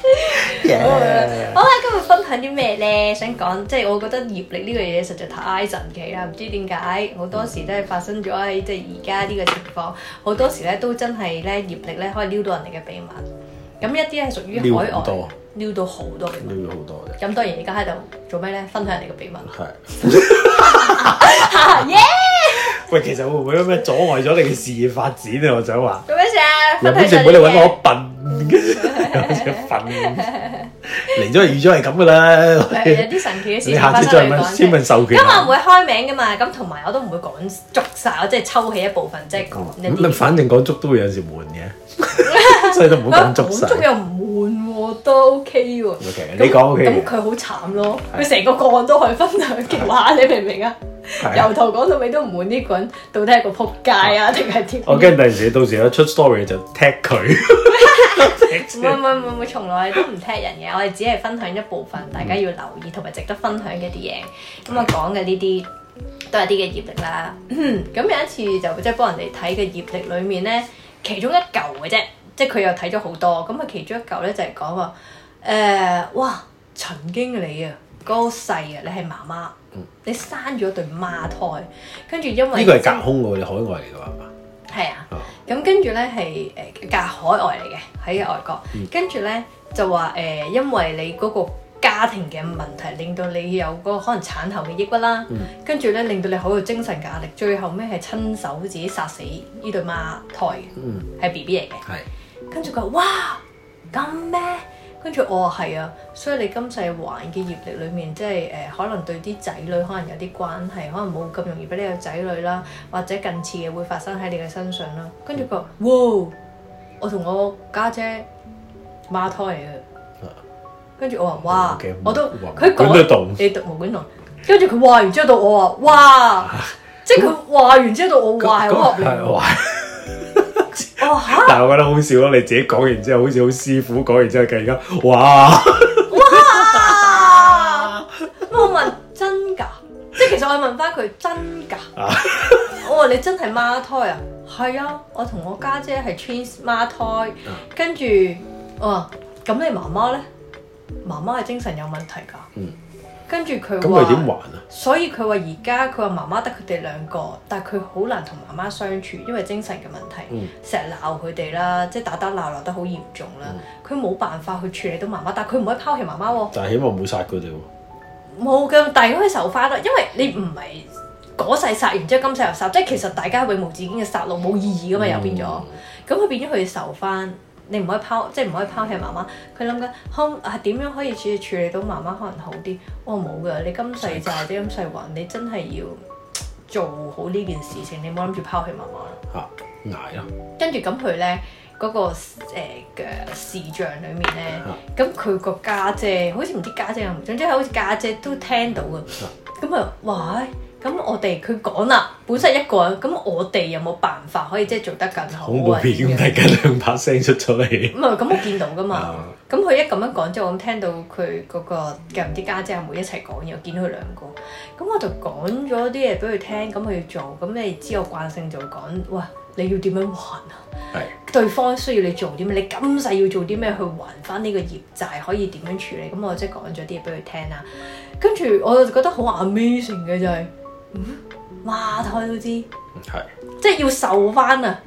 好啦，Yes. 今日分享啲咩咧？想講即係，就是，我覺得業力呢個嘢實在太神奇啦，唔知點解好多時都係發生咗，即係而家呢個情況，好多時咧都真係咧業力咧可以撩到人哋嘅秘密。咁一啲係屬於海外，撩，撩到好多嘅，撩到好多嘅。咁當然而家喺度做咩咧？分享人哋嘅秘密。係。 yeah! 喂，其實會唔會有咩阻礙咗你嘅事業發展啊？我想話，做咩事啊？有咩事唔好你搵我笨嘅， 有嚟咗預咗係咁噶啦。 有啲神奇嘅事，下次再問先問授權，今日唔會開名㗎嘛。咁同埋我都唔會講足晒，hết, 我即係抽起一部分，即係講。你 反正講足都會有時換嘅。所以都唔好講足曬，講足又唔悶喎，都 OK 喎。OK，你講 OK。咁佢好慘咯，佢成個個案都可以分享嘅話，你明唔明啊？由頭講到尾都唔悶呢個人，到底係個撲街啊定係點？我驚，第時到時一出 story 就踢佢。唔係唔係唔係，從來都唔踢人嘅，我哋只係分享一部分，大家要留意同埋值得分享嘅啲嘢。咁我講嘅呢啲都係啲嘅業力啦。咁有一次就即係幫人哋睇嘅業力裏面咧，其中一嚿嘅啫，即係佢又睇咗好多，咁啊其中一嚿咧就係講話，誒、呃、哇，曾經你啊，嗰、那個細啊，你係媽媽，嗯、你生咗對孖胎，嗯、跟住因為呢個係隔空喎，你海外嚟㗎係嘛？係啊，咁、哦、跟住咧係誒隔海外嚟嘅喺外國，嗯、跟住咧就話誒、呃、因為你嗰、那個家庭嘅問題令到你有嗰個可能產後嘅抑鬱啦，嗯、跟住咧令到你好有精神嘅壓力，最後咩係親手自己殺死呢對孖胎嘅，係 B B 嚟嘅，跟住佢話：哇咁咩？跟住我話係啊，所以你今世還嘅業力裡面，即係誒、呃、可能對啲仔女可能有啲關係，可能冇咁容易俾你有仔女啦，或者近次嘅會發生喺你嘅身上啦。跟住佢話：哇！我同我家姐孖胎嚟嘅！跟住我話：哇！我都佢講，你讀毛管戙。跟住佢話完之後到我話：哇！即係佢話完之後到我話：哇！哇！但係我覺得好笑咯，你自己講完之後好似好師傅講完之後，佢而家哇！哇！咁我問真㗎？即係其實我問翻佢真㗎？我話你真係孖胎啊！係啊，我同我家姐係 twins 孖胎。跟住我話：咁你媽媽咧？媽媽係精神有問題噶，嗯，跟住佢話，咁咪點還啊？所以佢話而家佢話媽媽得佢哋兩個，但係佢好難同媽媽相處，因為精神嘅問題，嗯，成日鬧佢哋啦，即係打打鬧鬧得好嚴重啦，佢冇、嗯、辦法去處理到媽媽，但係佢唔可以拋棄媽媽，就係希望唔會殺佢哋，冇噶，但係可佢受翻咯，因為你唔係嗰世殺完之後今世又殺，即係其實大家永無止境嘅殺戮，冇意義噶嘛，又變咗，咁佢、嗯嗯、變咗去受翻。你唔可以拋，即係唔可以拋棄媽媽。佢諗緊，可係點樣可以處理處理到媽媽可能好啲？我冇噶，你今世就係啲咁世運，你真係要做好呢件事情。你冇諗住拋棄媽媽，嚇捱咯。跟住咁佢咧嗰個誒嘅視像裏面咧，咁佢個家姐，姐好似唔知家姐又唔，總之係好似家姐，姐都聽到嘅。咁啊，喂！咁我哋佢講啦，本身一個人咁我哋有冇辦法可以即係做得更好啊？恐怖大家兩把聲出咗嚟。唔係，咁我到、嗯、到姐姐見到噶嘛。咁佢一咁樣講之後，我咁聽到佢嗰個嘅唔知家姐阿妹一齊講嘢，我見到佢兩個。咁我就講咗啲嘢俾佢聽，咁佢做。咁你知我慣性就會講：哇，你要點樣還啊？係是。對方需要你做啲咩？你今世要做啲咩去還翻呢個業債？可以點樣處理？咁我即係講咗啲嘢俾佢聽啦。跟住我就覺得好 amazing 嘅，就係。嗯，哇胎都知，係，即係要受翻啊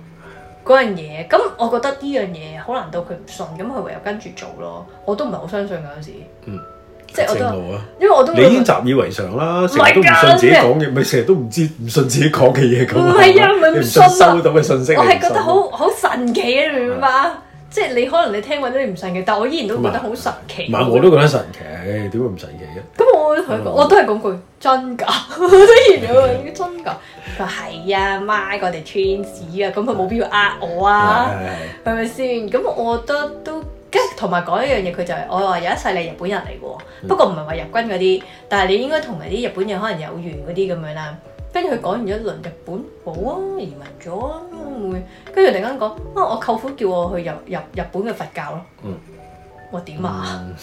嗰樣嘢，咁我覺得呢樣嘢好難到佢唔信。咁佢唯有跟住做咯，我都唔係好相信嗰陣時，嗯，即係我都，因為我都，你已經習以為常啦，成日都唔信自己講嘅，咪成日都唔知唔信自己講嘅嘢，唔係啊，咪唔信收到嘅信息，我係覺得好好神奇啊，你明唔明白？即係你可能你聽過都你唔神奇，但係我依然都覺得好神奇，唔係我都覺得神奇，點會唔神奇嘅？我都係講句真噶，我 都真噶。佢話係啊，媽，我哋村子啊，咁佢冇必要呃我啊，係咪先？咁我覺得都，跟住同埋講一樣嘢，佢就係我話有一世你日本人嚟嘅喎，不過唔係話入軍嗰啲，但係你應該同埋啲日本人可能有緣嗰啲咁樣啦。跟住佢講完咗一輪日本好啊，移民咗啊，跟住突然間講啊，我舅父叫我去入入，入日本嘅佛教咯。嗯，我點啊？嗯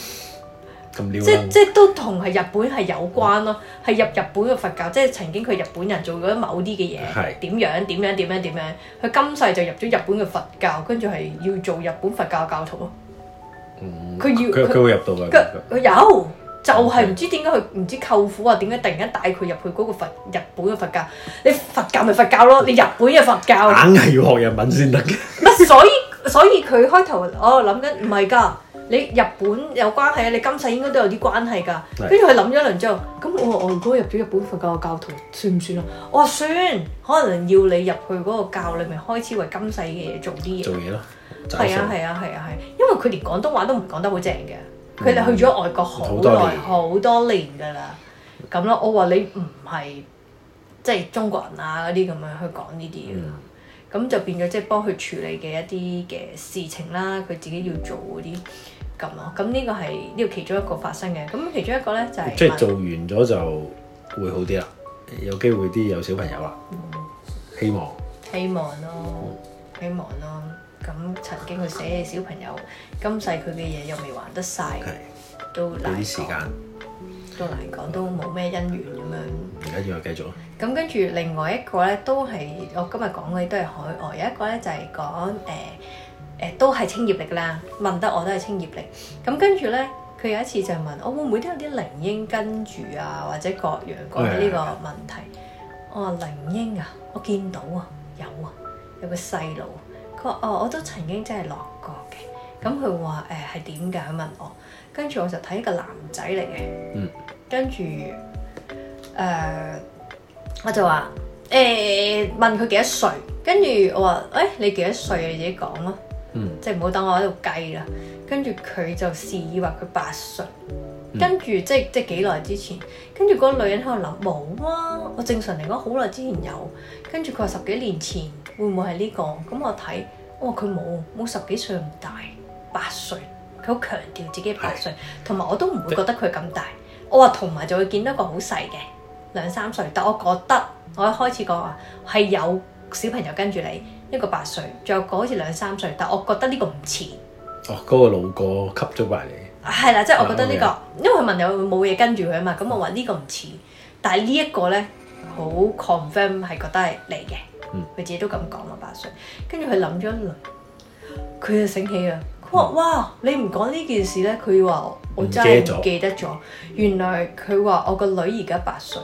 即即都同係日本係有關咯，係入日本嘅佛教，即係曾經佢日本人做咗某啲嘅嘢，點樣點樣點樣點樣，佢今世就入咗日本嘅佛教，跟住係要做日本佛教教徒咯。佢要佢佢會入到嘅，佢佢有就係唔知點解佢唔知舅父啊，點解突然間帶佢入去嗰個佛日本嘅佛教？你佛教咪佛教咯，你日本嘅佛教硬係要學日文先得嘅。唔係所以所以佢開頭我諗緊唔係㗎。你日本有關係啊？你今世應該都有啲關係㗎。跟住佢諗咗一輪之後，咁我話我如果入咗日本佛教嘅教徒，算唔算啊？嗯、我話算，可能要你入去嗰個教裏面開始為今世嘅嘢做啲嘢。做嘢咯，係啊係啊係啊係、啊，因為佢連廣東話都唔講得好正嘅，佢哋去咗外國好耐好多年㗎啦。咁咯，我話你唔係即係中國人啊嗰啲咁樣去講呢啲嘢。咁、嗯、就變咗即係幫佢處理嘅一啲嘅事情啦，佢自己要做嗰啲。咁咯，咁呢個係呢個其中一個發生嘅，咁其中一個咧就係即係做完咗就會好啲啦，有機會啲有小朋友啦，希望希望咯，希望咯，咁曾經佢寫嘅小朋友，今世佢嘅嘢又未還得曬，都攞啲時間，都難講，都冇咩姻緣咁樣。而家要繼續啊！咁跟住另外一個咧，都係我今日講嘅都係海外，有一個咧就係講誒。誒都係清業力啦，問得我都係清業力咁。跟住咧，佢有一次就問我會唔會都有啲靈嬰跟住啊，或者各樣嗰啲呢個問題。Okay. 我話靈嬰啊，我見到啊，有啊，有個細路。佢話：哦，我都曾經真係落過嘅。咁佢話誒係點解？佢、哎、問我，跟住我就睇一個男仔嚟嘅。嗯、mm.，跟住誒我就話誒、欸、問佢幾多歲，跟住我話誒、欸、你幾多歲、啊、你自己講咯。嗯、即係唔好等我喺度計啦，跟住佢就示意話佢八歲，跟住、嗯、即係即係幾耐之前，跟住嗰個女人喺度諗冇啊，我正常嚟講好耐之前有，跟住佢話十幾年前會唔會係呢個？咁我睇我話佢冇，冇十幾歲咁大，八歲，佢好強調自己八歲，同埋的我都唔會覺得佢咁大，的我話同埋就會見到一個好細嘅兩三歲，但我覺得我一開始講話係有小朋友跟住你。一個八歲，仲有個好似兩三歲，但我覺得呢個唔似。哦，嗰、那個老哥吸咗埋嚟。係啦、啊，即係、啊、我覺得呢、這個，麼因為佢問有冇嘢跟住佢啊嘛，咁、嗯、我話呢個唔似。但係呢一個咧，好 confirm 係覺得係嚟嘅。佢、嗯、自己都咁講咯，八歲。跟住佢諗咗一輪，佢就醒起啊！佢話：，嗯、哇，你唔講呢件事咧，佢話我真係唔記得咗。原來佢話我個女而家八歲，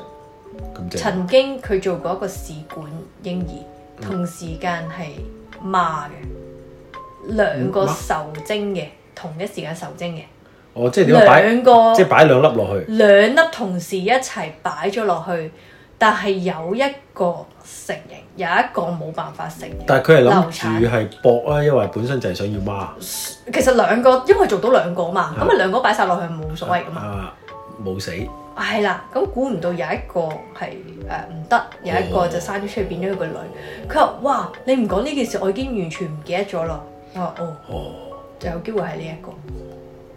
曾經佢做過一個試管嬰兒。同時間係孖嘅兩個受精嘅，同一時間受精嘅。哦，即係兩個，即係擺兩粒落去，兩粒同時一齊擺咗落去，但係有一個成形，有一個冇辦法成形。但係佢係諗住係搏啊，產因為本身就係想要孖。其實兩個，因為做到兩個啊嘛，咁啊的兩個擺晒落去冇所謂噶嘛。冇、啊啊、死。係啦，咁估唔到有一個係誒唔得，有一個就生咗出嚟變咗佢個女。佢話、哦：哇，你唔講呢件事，我已經完全唔記得咗啦。我話：哦，哦就有機會係呢一個。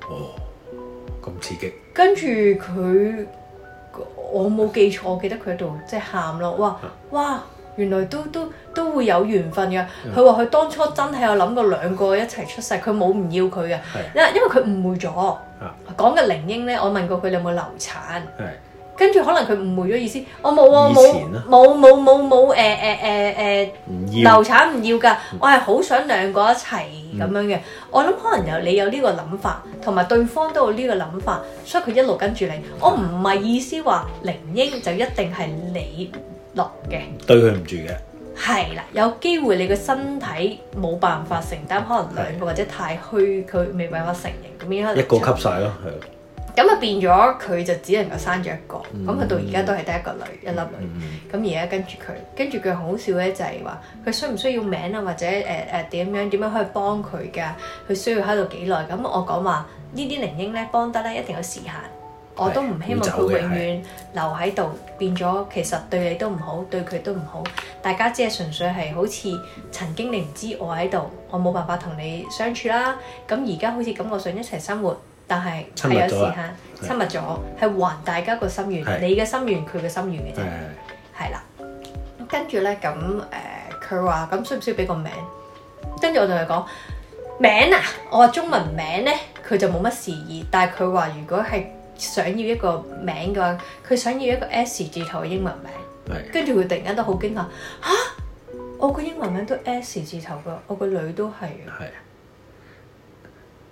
哦，咁刺激。跟住佢，我冇記錯，我記得佢喺度即係喊咯。哇，啊、哇！原來都都都會有緣分嘅。佢話佢當初真係有諗過兩個一齊出世，佢冇唔要佢嘅。因口揮因為佢誤會咗，講嘅靈英咧，我問過佢你有冇流產？跟住口揮可能佢誤會咗意思。我冇啊冇冇冇冇冇誒誒誒誒流產唔要㗎。我係好想兩個一齊咁樣嘅。嗯、我諗可能有你有呢個諗法，同埋對方都有呢個諗法，所以佢一路跟住你。我唔係意思話靈英就一定係你。落嘅，對佢唔住嘅，係啦，有機會你個身體冇辦法承擔，可能兩個或者太虛，佢未辦法承認，咁樣一個吸晒咯，係咯，咁啊變咗佢就只能夠生咗一個，咁佢、嗯、到而家都係得一個女、嗯、一粒女，咁而家跟住佢，跟住佢好笑咧就係話，佢需唔需要名啊，或者誒誒點樣點樣可以幫佢噶，佢需要喺度幾耐？咁我講話呢啲靈嬰咧幫得咧一定有時限。我都唔希望佢永遠留喺度，變咗其實對你都唔好，的對佢都唔好。大家只係純粹係好似曾經你唔知我喺度，我冇辦法同你相處啦。咁而家好似感覺上一齊生活，但係係有時限，的親密咗係的還大家心的心心、呃、個心願，你嘅心願，佢嘅心願嘅啫，係啦。跟住咧咁誒，佢話咁需唔需要俾個名？跟住我就係講名啊！我話中文名咧，佢就冇乜時宜。但係佢話如果係想要一個名嘅話，佢想要一個 S 字頭嘅英文名，跟住佢突然間都好驚訝，吓，我個英文名都 S 字頭㗎，我個女都係啊，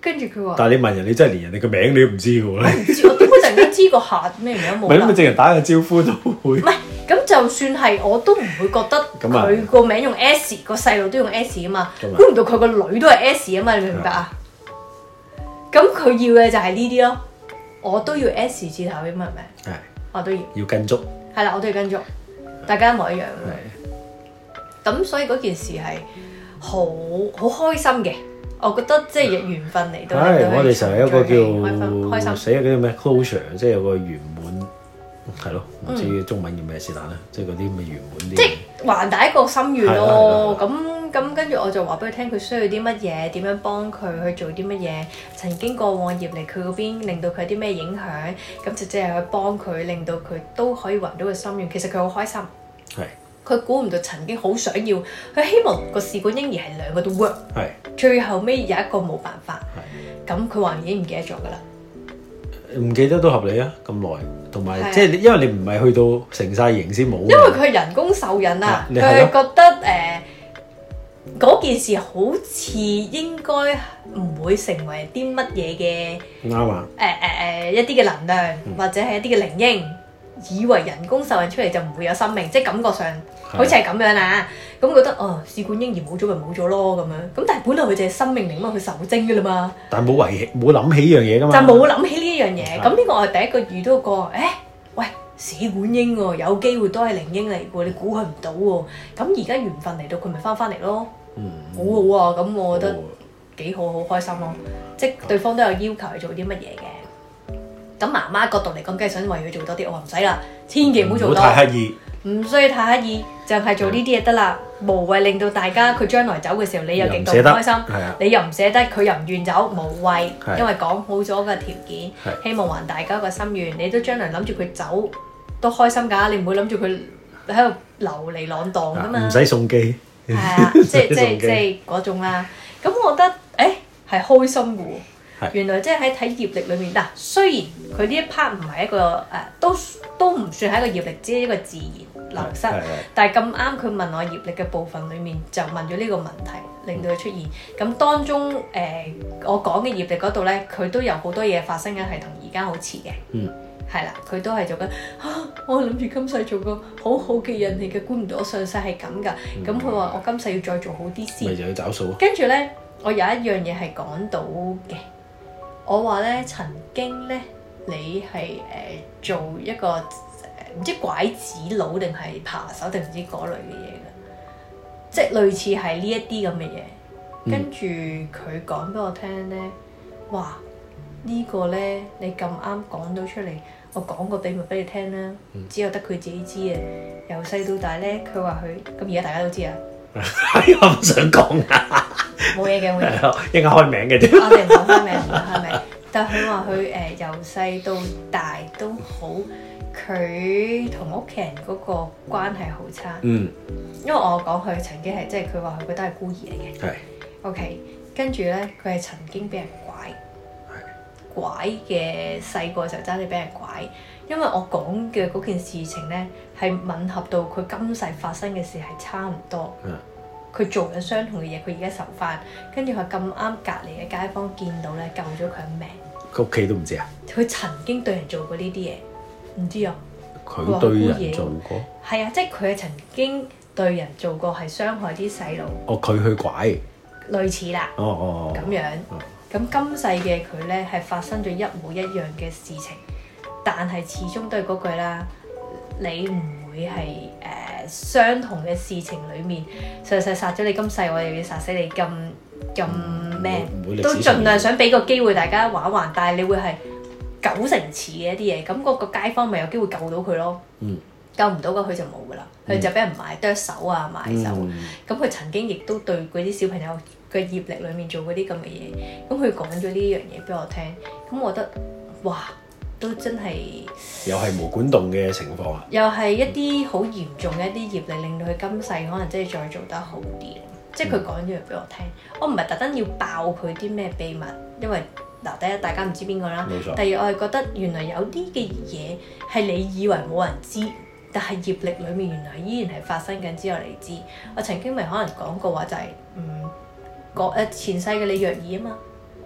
跟住佢話，但係你問人，你真係連人哋個名你都唔知嘅喎，我唔知我點解突然間知個下咩名冇，咪淨係打個招呼都會，唔係咁就算係我都唔會覺得佢個名用 S，個細路都用 S 啊嘛，估唔到佢個女都係 S 啊嘛，你明唔明白啊？咁佢要嘅就係呢啲咯。我都要 S 字頭英文名。係，我都要要跟足係啦，我都要跟足，大家一模一樣嘅。咁所以嗰件事係好好開心嘅，我覺得即係緣分嚟都我哋成日一個叫開心。寫嗰叫咩 closure，即係有個圓滿係咯，唔知中文叫咩是但咧，即係嗰啲咁嘅圓滿啲。即係還大一個心願咯，咁。咁跟住我就話俾佢聽，佢需要啲乜嘢，點樣幫佢去做啲乜嘢？曾經過往業嚟佢嗰邊，令到佢有啲咩影響？咁直接係去幫佢，令到佢都可以揾到個心願。其實佢好開心。係是。佢估唔到曾經好想要，佢希望個試管嬰兒係兩個都 work 是。係。最後尾有一個冇辦法。係是。咁佢話已經唔記得咗噶啦。唔記得都合理啊，咁耐，同埋即係你，的因為你唔係去到成晒型先冇。因為佢人工受孕啊，佢係覺得誒。呃嗰件事好似應該唔會成為啲乜嘢嘅，啱啊，誒誒誒一啲嘅能量或者係一啲嘅靈嬰，以為人工受孕出嚟就唔會有生命，即係感覺上好似係咁樣啦。咁覺得哦，試管嬰兒冇咗咪冇咗咯咁樣。咁但係本來佢就係生命嚟啊嘛，佢受精㗎啦嘛。但係冇遺冇諗起呢樣嘢㗎嘛。就冇諗起呢樣嘢，咁呢個我係第一個遇到個，誒喂，試管嬰兒有機會都係靈嬰嚟喎，你估佢唔到喎。咁而家緣分嚟到，佢咪翻返嚟咯。好好啊，咁我覺得幾好，好開心咯。即係對方都有要求去做啲乜嘢嘅。咁媽媽角度嚟講，梗係想為佢做多啲。我唔使啦，千祈唔好做多。唔太刻意，唔需要太刻意，就係做呢啲嘢得啦。無謂令到大家佢將來走嘅時候，你又極度唔開心，你又唔捨得，佢又唔願走，無謂，因為講好咗個條件，希望還大家個心願。你都將來諗住佢走都開心㗎，你唔會諗住佢喺度流離浪蕩㗎嘛。唔使送機。係 啊，即係即係即係嗰種啦。咁我覺得誒係、哎、開心嘅喎。是原來即係喺睇業力裏面嗱，雖然佢呢一 part 唔係一個誒、啊，都都唔算係一個業力，只係一個自然流失。但係咁啱佢問我業力嘅部分裏面，就問咗呢個問題，令到佢出現。咁當中誒、呃、我講嘅業力嗰度咧，佢都有好多嘢發生緊，係同而家好似嘅。嗯。係啦，佢都係做緊。嚇、啊，我諗住今世做個好好嘅人嚟嘅，估唔到我上世係咁噶。咁佢話我今世要再做好啲先。就要找數，啊。跟住咧，我有一樣嘢係講到嘅。我話咧，曾經咧，你係誒、呃、做一個呃、唔知拐子佬定係扒手定唔知嗰類嘅嘢噶，即係類似係呢一啲咁嘅嘢。跟住佢講俾我聽咧，哇！這個，呢個咧，你咁啱講到出嚟。我講個秘密俾你聽啦，只有得佢自己知啊。由細到大咧，佢話佢，咁而家大家都知啊。係 我唔想講啊，冇嘢嘅，我哋 應該開名嘅啫。我哋唔講開名，唔講開名。 但佢話佢誒由細到大都好，佢同屋企人嗰個關係好差。嗯，因為我講佢曾經係即係佢話佢覺得係孤兒嚟嘅。係的 OK，跟住咧佢係曾經俾人。拐嘅細個時候真係俾人拐，因為我講嘅嗰件事情咧係吻合到佢今世發生嘅事係差唔多，佢、嗯、做緊相同嘅嘢，佢而家受翻，跟住佢咁啱隔籬嘅街坊見到咧救咗佢命，佢屋企都唔知啊，佢曾經對人做過呢啲嘢，唔知啊，佢他對人做過，係啊，即係佢係曾經對人做過係傷害啲細路，哦，佢去拐類似啦，哦哦，咁、哦、樣。咁今世嘅佢咧，係發生咗一模一樣嘅事情，但係始終都係嗰句啦，你唔會係誒相同嘅事情裡面，上世殺咗你今世，我又要殺死你咁咁咩？都盡量想俾個機會大家玩玩，但係你會係九成次嘅一啲嘢，咁嗰個街坊咪有機會救到佢咯？嗯，救唔到嘅佢就冇噶啦，佢就俾人買剁手啊買手，咁佢曾經亦都對嗰啲小朋友嘅業力裏面做嗰啲咁嘅嘢，咁佢講咗呢樣嘢俾我聽，咁我覺得哇，都真係又係無管動嘅情況啊！又係一啲好嚴重嘅一啲業力，令到佢今世可能真係再做得好啲。即係佢講咗嘢俾我聽，嗯、我唔係特登要爆佢啲咩秘密，因為嗱第一大家唔知邊個啦，冇錯。第二我係覺得原來有啲嘅嘢係你以為冇人知，但係業力裏面原來依然係發生緊，之後你知。我曾經咪可能講過話就係、是、嗯。個前世嘅你虐兒啊嘛，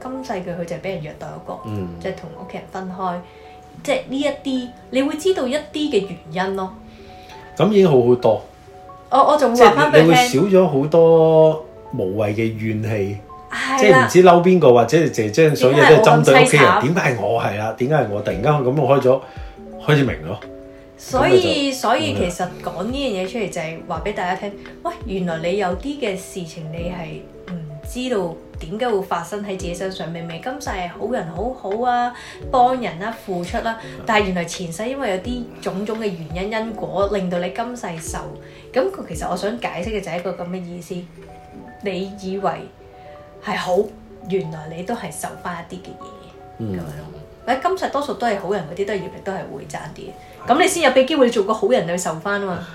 今世嘅佢就係俾人虐待嗰個，即係同屋企人分開，即係呢一啲，你會知道一啲嘅原因咯。咁已經好好多。我我仲會話翻俾你少咗好多無謂嘅怨氣，即係唔知嬲邊個，或者姐將所有嘢針對屋企人。點解係我啊？點解係我突然間咁開咗開始明咯？所以所以，所以其實講呢這樣嘢出嚟就係話俾大家聽，喂，原來你有啲嘅事情你係。嗯嗯知道點解會發生喺自己身上？明明今世係好人，好好啊，幫人啦、啊，付出啦、啊，嗯、但係原來前世因為有啲種種嘅原因因果，令到你今世受。咁佢其實我想解釋嘅就係一個咁嘅意思。你以為係好，原來你都係受翻一啲嘅嘢，咁、嗯、樣。喺今世多數都係好人嗰啲，都係業力都係會賺啲。咁的你先有俾機會你做個好人去受翻啊嘛。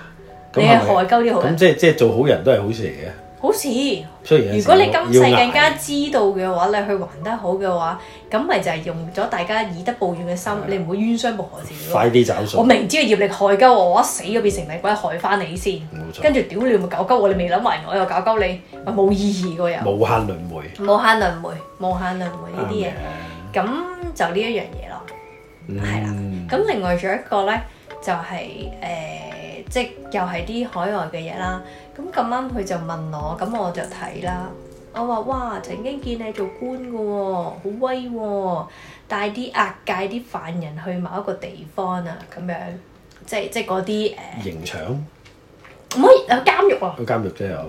是是你係害鳩啲好人。咁即係即係做好人都係好事嚟嘅。好似，如果你今世更加知道嘅話，硬你去還得好嘅話，咁咪就係用咗大家以德報怨嘅心，的你唔會冤冤相報先。快啲找數，我明知佢業力害鳩我，我一死咗變成厲鬼害翻你先。跟住屌你咪搞鳩我，你未諗埋我又搞鳩你，咪冇意義個人，無限，無限輪迴。無限輪迴，無限輪迴呢啲嘢，咁就呢一樣嘢咯。係啦、嗯，咁另外仲有一個咧、就係，就係誒，即又係啲海外嘅嘢啦。嗯咁咁啱佢就問我，咁我就睇啦。我話：哇，曾經見你做官嘅喎，好威喎、哦，帶啲押解啲犯人去某一個地方啊，咁樣即係即係嗰啲誒。呃、刑場唔可以有監獄啊？有監獄都有，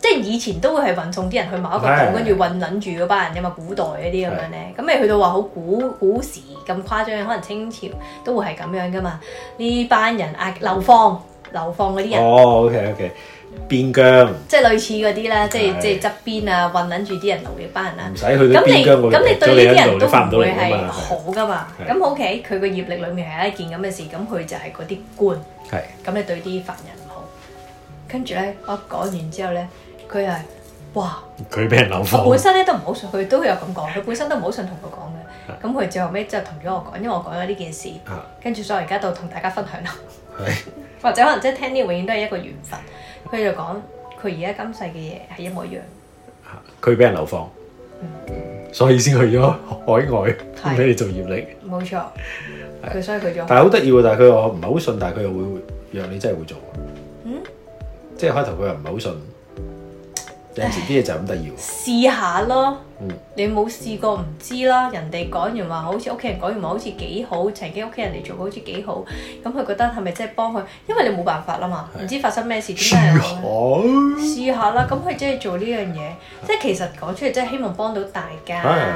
即係以前都會係運送啲人去某一個島，跟住的運攆住嗰班人，因為古代嗰啲咁樣咧，咁你的去到話好古古時咁誇張，可能清朝都會係咁樣噶嘛。呢班人押、啊、流放。流放嗰啲人哦、oh,，OK OK，邊疆，即係類似嗰啲啦，是即係即係側邊啊，混撚住啲人奴役班人啊，唔使去咁你咁你對呢啲人都唔會係好噶嘛？咁 OK，佢個業力裡面係一件咁嘅事，咁佢就係嗰啲官，係咁是你對啲凡人唔好。跟住咧，我講完之後咧，佢係哇，佢俾人流放。本身咧都唔好信，佢都會有咁講，佢本身都唔好信同我講嘅。咁佢最後尾就同咗我講，因為我講咗呢件事，是跟住所以而家度同大家分享啦。係。或者可能即係聽啲永遠都係一個緣分。佢就講佢而家今世嘅嘢係一模一樣。嚇！佢俾人流放，嗯、所以先去咗海外俾、嗯、你做業力。冇錯，佢所以佢做是。但係好得意喎！但係佢又唔係好信，但係佢又會讓你真係會做。嗯。即係開頭佢又唔係好信。啲嘢就咁得要，試下咯。嗯、你冇試過唔知啦。人哋講完話，好似屋企人講完話，好似幾好。曾經屋企人嚟做過，好似幾好。咁佢覺得係咪即係幫佢？因為你冇辦法啦嘛，唔是知發生咩事點解？試行下，試下啦。咁佢即係做呢樣嘢，即係是其實講出嚟，即、就、係、是、希望幫到大家。係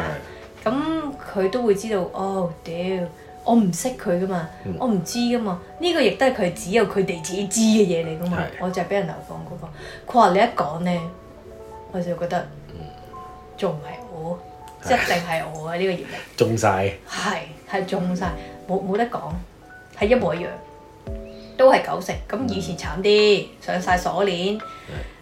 咁佢都會知道，哦，屌，我唔識佢噶嘛，嗯、我唔知噶嘛。呢、這個亦都係佢只有佢哋自己知嘅嘢嚟噶嘛。是是我就係俾人流放嗰個。佢話你一講咧。我就覺得，仲唔係我，一定係我啊！呢個業力，中曬，係係中曬，冇冇得講，係一模一樣，都係九成。咁以前慘啲，上曬鎖鏈，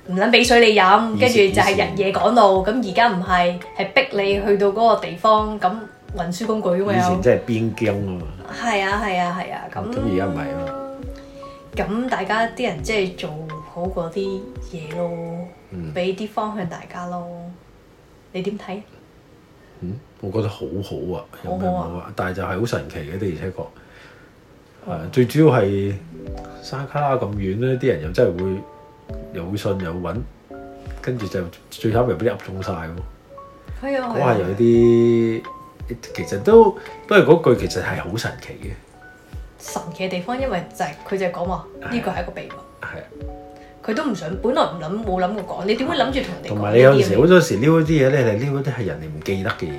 唔撚俾水你飲，跟住就係日夜趕路。咁而家唔係，係逼你去到嗰個地方，咁運輸工具咁樣。以前真係邊境啊嘛。係啊係啊係啊，咁咁而家唔係咯。咁大家啲人即係做好嗰啲嘢咯。俾啲、嗯、方向大家咯，你點睇？嗯，我覺得好、啊、好好啊，好啊，但係就係好神奇嘅啲而且確，啊、呃嗯、最主要係山卡啦咁遠咧，啲人又真係會又信又揾，跟住就最慘咪俾你噏中晒喎。係啊，哇、啊啊！有啲其實都不過嗰句，其實係好神奇嘅。神奇嘅地方，因為就係、是、佢就講話呢個係一個秘密。係啊。佢都唔想，本來唔諗，冇諗過講。你點會諗住同人講？同埋你有時好你多時撩一啲嘢咧，係撩一啲係人哋唔記得嘅嘢。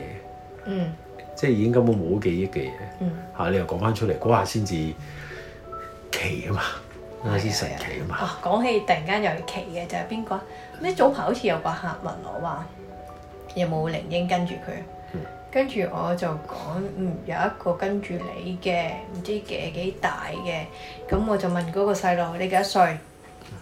嗯。即係已經根本冇記憶嘅嘢。嗯、啊。你又講翻出嚟，嗰下先至奇啊嘛，先、嗯、神奇啊嘛。哇、嗯！講、哦、起突然間又要奇嘅，就係邊個？咩早排好似有個客問我話，有冇靈嬰跟住佢？嗯、跟住我就講，嗯有一個跟住你嘅，唔知幾幾大嘅。咁我就問嗰個細路，你幾多歲？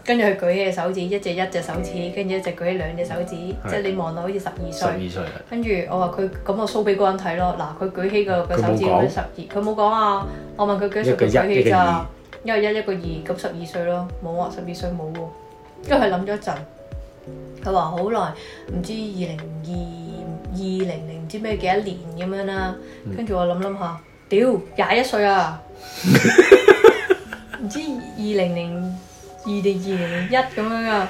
跟住佢舉起手指，一隻一隻手指，跟住一隻舉起兩隻手指，嗯、即係你望落好似十二歲。十二歲。跟住我話佢咁，我 show 俾嗰個人睇咯。嗱，佢舉起個個佢手指，十二冇講，佢冇講啊。我問佢幾歲，佢舉起咋？一個一個因為一，一個二，咁十二歲咯。冇話十二歲冇喎。跟住佢諗咗一陣，佢話好耐，唔知二零二二零零唔知咩幾多年咁樣啦。跟住、嗯、我諗諗下，屌廿一歲啊！唔 知二零零。2000，二零二零零一咁樣啊，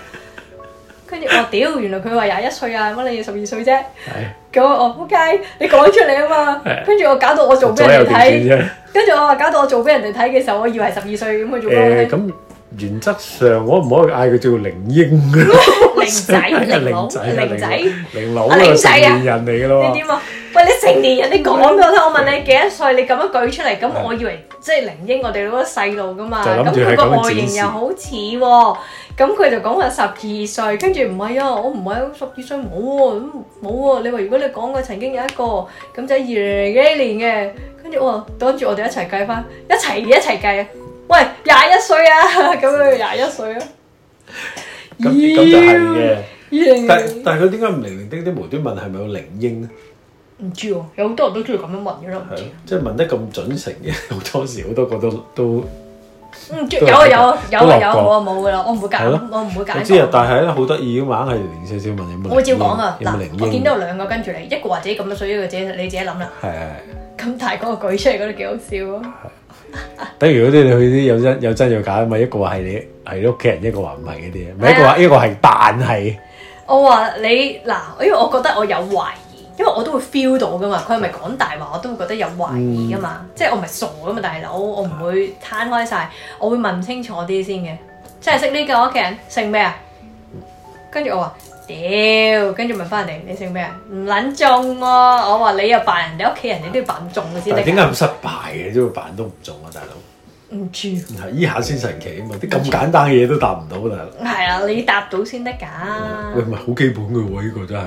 跟住我屌，原來佢話廿一歲啊，乜諗 你十二歲啫。咁 我 ，OK，你講出嚟啊嘛。跟住 我搞到我做俾人哋睇，跟住 我話搞到我做俾人哋睇嘅時候，我以為十二歲咁去做。咁原則上，我唔可以嗌佢做靈英啊！靈仔、靈佬、靈仔、靈佬啊，靈仔？成年人嚟嘅咯。你點啊？喂，你成年人，哦、你講咗啦。我問你幾多歲，嗯、你咁樣舉出嚟，咁我以為、嗯、即係靈英，我哋嗰個細路噶嘛。就咁佢個外形又好似喎、哦，咁佢就講話十二歲，跟住唔係啊，我唔係啊，十二歲冇喎，冇喎。你話如果你講過曾經有一個咁就二零幾年嘅，跟住我，當住我哋一齊計翻，一齊一齊計。喂，廿一歲啊，咁樣廿一歲啊，咁咁、 嗯嗯、就係嘅。嗯、但但係佢點解唔零零丁丁無端問係咪有靈嬰咧？唔知喎，有好多人都中意咁樣問嘅啦。即係、啊就係、問得咁準誠嘅，好多時好多個都都。嗯，有啊有啊有啊有，我冇噶啦，我唔會揀，我唔會揀。知啊，但係咧好得意咁玩，係零舍舍問有冇？我會照講啊，嗱，我見到兩個跟住你，一個話自己咁多歲，一個自己你自己諗啦。係係係。咁大個舉出嚟，覺得幾好笑咯。等於嗰啲你去啲有真有真有假，咪一個話係你係屋企人，一個話唔係嗰啲，咪一個一個係，但係我話你嗱，因為我覺得我有懷。因為我都會 feel 到噶嘛，佢係咪講大話？我都會覺得有懷疑噶嘛。嗯、即係我唔係傻噶嘛，大佬，我唔會攤開晒，我會問清楚啲先嘅。即係識呢個屋企人姓咩啊？跟住我話屌，跟住問翻人你姓咩啊？唔撚中喎！我話你又扮人哋屋企人，你都要扮中先得。點解咁失敗嘅，啊？點解扮都唔中啊，大佬。唔知，住。依下先神奇啊嘛！啲咁簡單嘅嘢都答唔到啦。係 啊，你答到先得㗎。喂，唔係好基本嘅喎，依個真係。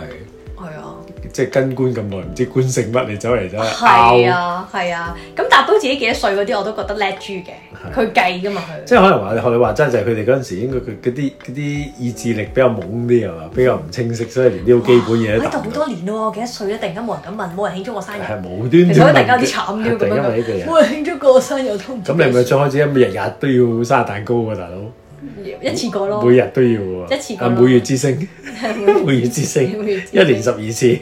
係啊。即係跟官咁耐，唔知官姓乜，你走嚟走去。係啊係啊，咁答到自己幾多歲嗰啲，我都覺得叻豬嘅。佢計㗎嘛，佢即係可能學你話齋，就係佢哋嗰陣時應該佢啲啲意志力比較懵啲係嘛，比較唔清晰，所以連啲好基本嘢都答唔到。喺度好多年咯，幾多歲啊？突然間冇人敢問，冇人慶祝我生日，係冇端端。其實我哋家啲慘啲咁樣。我慶祝過生日我都唔。咁你係咪最開始一日日都要生日蛋糕㗎，大佬？一次過咯，每日都要喎，一次過，啊，每月之星，每月之星，一年十二次，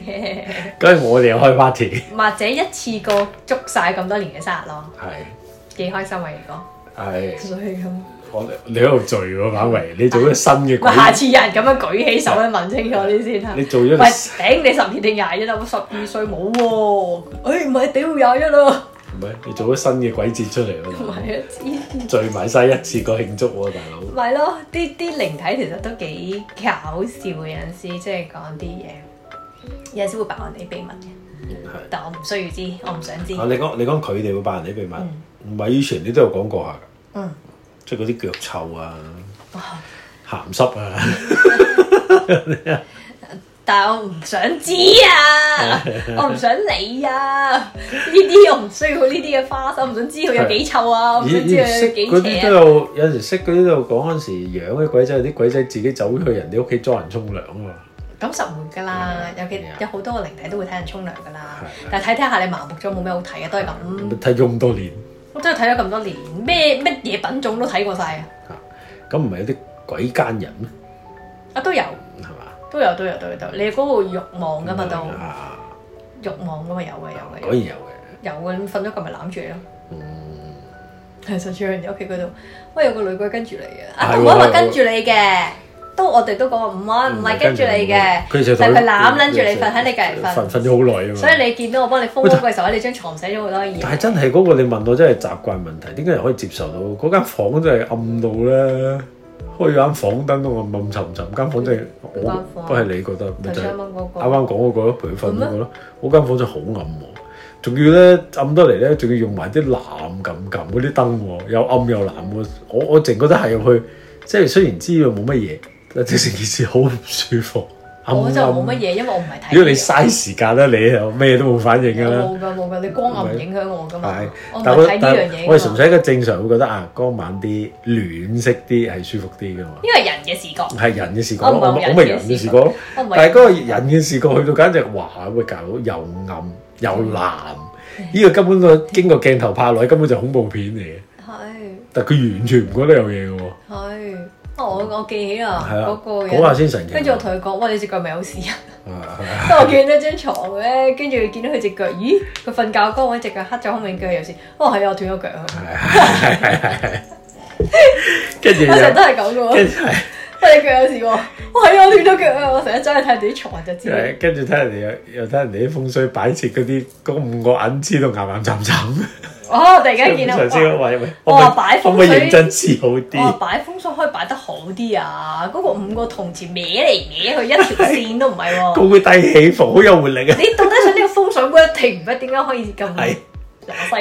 咁我哋又開 party，或者一次過捉晒咁多年嘅生日咯，係，幾開心啊。如果係，所以咁，我你喺度聚喎範圍，你做咗新嘅，下次有人咁樣舉起手去問清楚啲先啊，你做咗，唔係，頂你十二定廿一啦，我十二歲冇喎，誒唔係屌廿一咯。你做咗新嘅鬼節出嚟喎，聚埋晒一次個慶祝喎，大佬。唔係 咯，啲啲靈體其實都幾搞笑，嘅。有陣時即係講啲嘢，有陣時會爆人啲秘密嘅。的但我唔需要知，我唔想知。啊，你講你講佢哋會爆人啲秘密，唔係、嗯、以前你都有講過啊。嗯。即係嗰啲腳臭啊，鹹、哦、濕啊。 但我唔想知啊， 我唔想理啊，呢啲我唔需要呢啲嘅花生，唔想知佢有幾臭啊，唔 想知佢幾錢。嗰啲都有，有陣時識嗰啲就講嗰陣時養啲鬼仔，啲鬼仔自己走去人哋屋企裝人沖涼啊嘛。咁十悶噶啦，尤其有好多個靈體都會睇人沖涼噶啦。的但係睇睇下你麻木咗，冇咩好睇啊，都係咁。睇咗咁多年，我真係睇咗咁多年，咩乜嘢品種都睇過晒啊。吓，咁唔係有啲鬼奸人咩、啊？啊，都、啊、有。啊啊啊啊啊啊都有都有都有，你嗰個慾望噶嘛都，慾望噶嘛有嘅有嘅，可以有嘅，有嘅你瞓咗咁咪攬住你咯。嗯，係上次喺人哋屋企嗰度，喂有個女鬼跟住你嘅，阿五媽話跟住你嘅，都我哋都講唔啱唔係跟住你嘅，佢就同攬攬住你瞓喺你隔籬瞓，瞓咗好耐啊嘛。所以你見到我幫你封咗嘅時候，你張床洗咗好多嘢。但係真係嗰個你問到真係習慣問題，點解人可以接受到？嗰間房真係暗到咧。不過我有間房燈都暗暗沉沉，間房真係，啊、不係你覺得？啱啱講嗰個咯、那個，陪佢瞓嗰個咯，嗰間房真係好暗，仲要咧暗得嚟咧，仲要用埋啲藍撳撳嗰啲燈，又暗又藍，我我淨覺得係入去，即係雖然知冇乜嘢，但係成件事好唔舒服。我就冇乜嘢，因為我唔係睇。如果你嘥時間啦，你又咩都冇反應㗎啦。冇噶冇噶，你光暗影響我噶嘛。我唔係睇呢樣嘢。我哋，純粹一個正常會覺得啊，光猛啲、暖色啲係舒服啲噶嘛？因為人嘅視覺。係人嘅視覺，我咪人嘅視覺。但係嗰個人嘅視覺去到簡直，哇！會，搞到又暗又藍，呢個根本個經過鏡頭拍落去根本就恐怖片嚟嘅。係。但佢完全唔覺得有嘢嘅喎。係。我我記起啦，嗰個人，啊、跟住我同佢講，喂，你隻腳咪有事啊？但 我見到張牀咧，跟住見到佢隻腳，咦？佢瞓覺嗰位隻腳黑咗，後面腳有事。哦，係啊，我斷咗腳啊！係係係，跟住，我成日都係咁㗎。 我隻腳有事喎，我係啊，斷到腳啊！我成日走去睇人哋啲床，就知。誒，跟住睇人哋又又睇人哋啲風水擺設嗰啲，嗰五個銀枝都岩岩浸浸。哦，突然間見到。長少，位，喂。我話擺風水。可唔可以認真啲好啲？擺風水可以擺得好啲啊！嗰個五個銅錢歪嚟歪去，一條線都唔係喎。高低起伏，好有活力啊！你到底想呢個風水唔停咩？點解可以咁？係。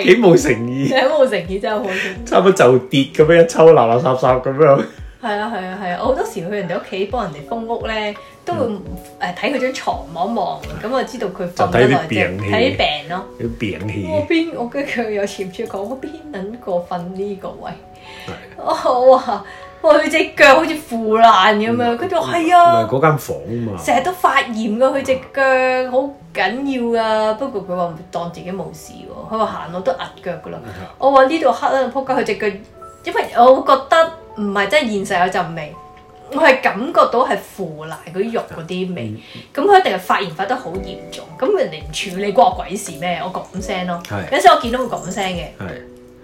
幾冇誠意。幾冇誠意真係好！差唔多就跌咁樣一抽，垃垃雜雜咁樣。係啊，係啊，係啊，啊！我好多時去人哋屋企幫人哋封屋咧，都會誒睇佢張床望一望，咁我就知道佢瞓得耐啫。睇病咯，啲病氣、啊。我邊我跟佢有潛在講，我邊諗過瞓呢個位？啊、我話，哇，佢隻腳好似腐爛咁樣。佢就話：係啊。唔係嗰間房啊嘛。成日都發炎㗎，佢隻腳好緊要㗎、啊。不過佢話當自己冇事喎。佢話行路都壓腳㗎啦。我話呢度黑啊，仆街！佢隻腳、啊、腳，因為我覺得。唔係真係現實有陣味，我係感覺到係腐爛嗰啲肉嗰啲味，咁佢一定係發炎發得好嚴重，咁人哋唔處理過鬼事咩？我講聲咯，有時我見到佢講聲嘅，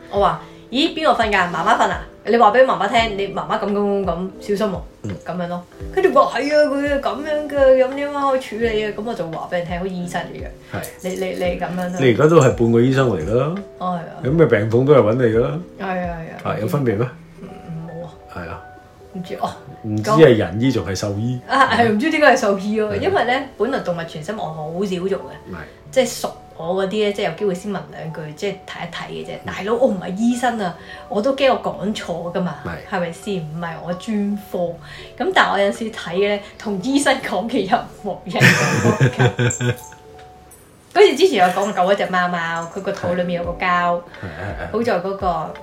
我話：咦，邊個瞓㗎？媽媽瞓啊！你話俾媽媽聽，你媽媽咁咁咁小心喎，咁樣咯。佢哋話係啊，佢咁樣嘅，有啲乜可以處理啊？咁我就話俾人聽，好似醫生嚟嘅，你你你咁樣。你而家都係半個醫生嚟啦，有咩病痛都係搵你噶，係啊係啊，係有分別咩？係啊，唔知哦，唔知係人醫仲係獸醫啊，係唔知點解係獸醫哦，因為咧本來動物全身我好少做嘅的，即係熟我嗰啲咧，即係有機會先問兩句，即係睇一睇嘅啫。嗯、大佬，我唔係醫生啊，我都驚我講錯㗎嘛，係咪先？唔係我專科，咁但我有陣時睇咧，同醫生講嘅一模一樣嘅。好 之前有講過狗，嗰隻貓貓，佢個肚裏面有個膠，的好在，那，嗰個。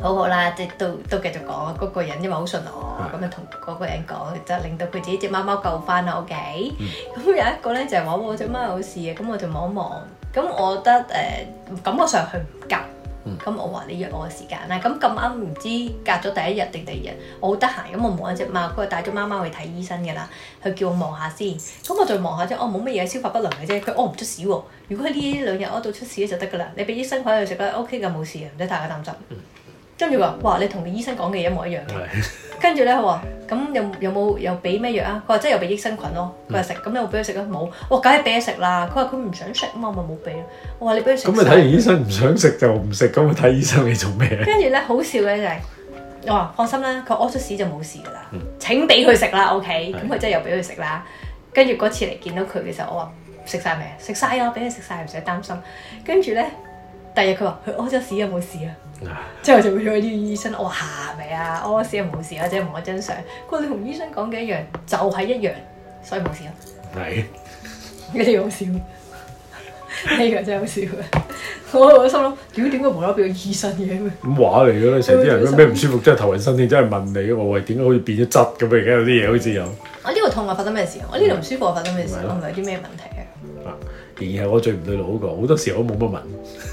好好啦，即係都都繼續講嗰、嗰個人，因為好信我咁樣同嗰個人講，就令到佢自己隻貓貓救翻啦。O K，咁有一個咧就係話：我隻貓有事啊！咁我就望一望，咁我覺得誒感覺上佢唔急，咁我話你約我時間啦。咁咁啱唔知隔咗第一日定第二日，我好得閒，咁我望一隻貓，佢帶咗貓貓去睇醫生㗎啦，佢叫我望下先。咁我就望下啫，我冇乜嘢，消化不良嘅啫。佢屙唔出屎喎，啊，如果呢兩日屙到出屎就得㗎啦。你俾益生菌佢食啦，O K 㗎，冇、OK、事嘅，唔使太過擔心。嗯。跟住佢話：哇！你同你醫生講嘅一模一樣。跟住咧，佢話：咁有有冇又俾咩藥啊？佢話：即係又俾益生菌咯，佢食。咁你有冇俾佢食啊？冇。我梗係俾佢食啦。佢話：佢唔想食啊嘛，咪冇俾。我話：你俾佢食。咁咪睇完醫生唔想食就唔食，咁咪睇醫生你做咩？跟住咧，好笑咧就係，我話放心啦，佢屙出屎就冇事噶啦。請俾佢食啦，OK？咁佢真係又俾佢食啦。跟住嗰次嚟見到佢嘅時候，我話：食晒未？食晒啊！俾佢食晒，唔使擔心。跟住咧，第二日佢話：佢屙咗屎有冇事啊？之後就會約啲醫生，我下咪啊，manner, 我先係冇事啊，即係唔係真相？佢同醫生講嘅一樣，就係、是、一樣，所以冇事咯。係，呢啲好笑，呢 個真係好笑啊！我心諗，屌點解無啦啦變咗醫生嘅？咁話嚟嘅，成啲人咩唔舒服，就是、真係頭暈身顛，真係問你嘅嘛？喂點解好似變咗質咁啊？而家有啲嘢好似有，我呢度痛啊，發生咩事？我呢度唔舒服啊，發生咩事啊？係咪有啲咩問題啊？啊，然而係我最唔對路嗰個，好多時候我都冇乜問。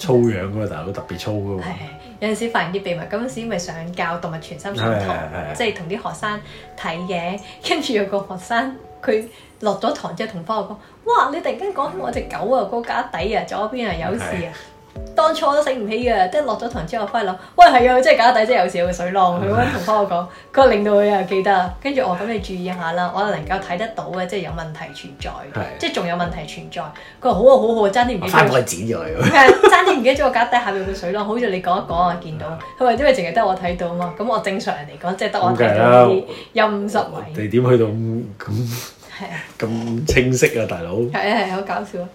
粗樣㗎嘛，大佬特別粗㗎喎。有陣時發現啲秘密。嗰陣時咪上教動物全心上堂，即係同啲學生睇嘢。跟住有個學生佢落咗堂之後同返我講：哇！你突然間講我隻狗啊，個架底啊，左邊啊，有事啊。當初我都醒唔起嘅，即係落咗堂之後，翻去諗，喂係啊，即係假底即係有時有個水浪。佢嗰個同返我講，佢話令到佢啊記得，跟住我咁你注意下啦，我能夠睇得到嘅，即係有問題存在，即係仲有問題存在。佢話好啊，好好，啊，差啲唔記得翻去剪咗，差啲唔記得咗個假底下面有個水浪。好似你講一講啊，見到佢話因為淨係得我睇到啊嘛，咁我正常人嚟講，即係得我睇到啲陰濕位。你點去到咁咁係啊咁清晰啊大佬係啊係好搞笑啊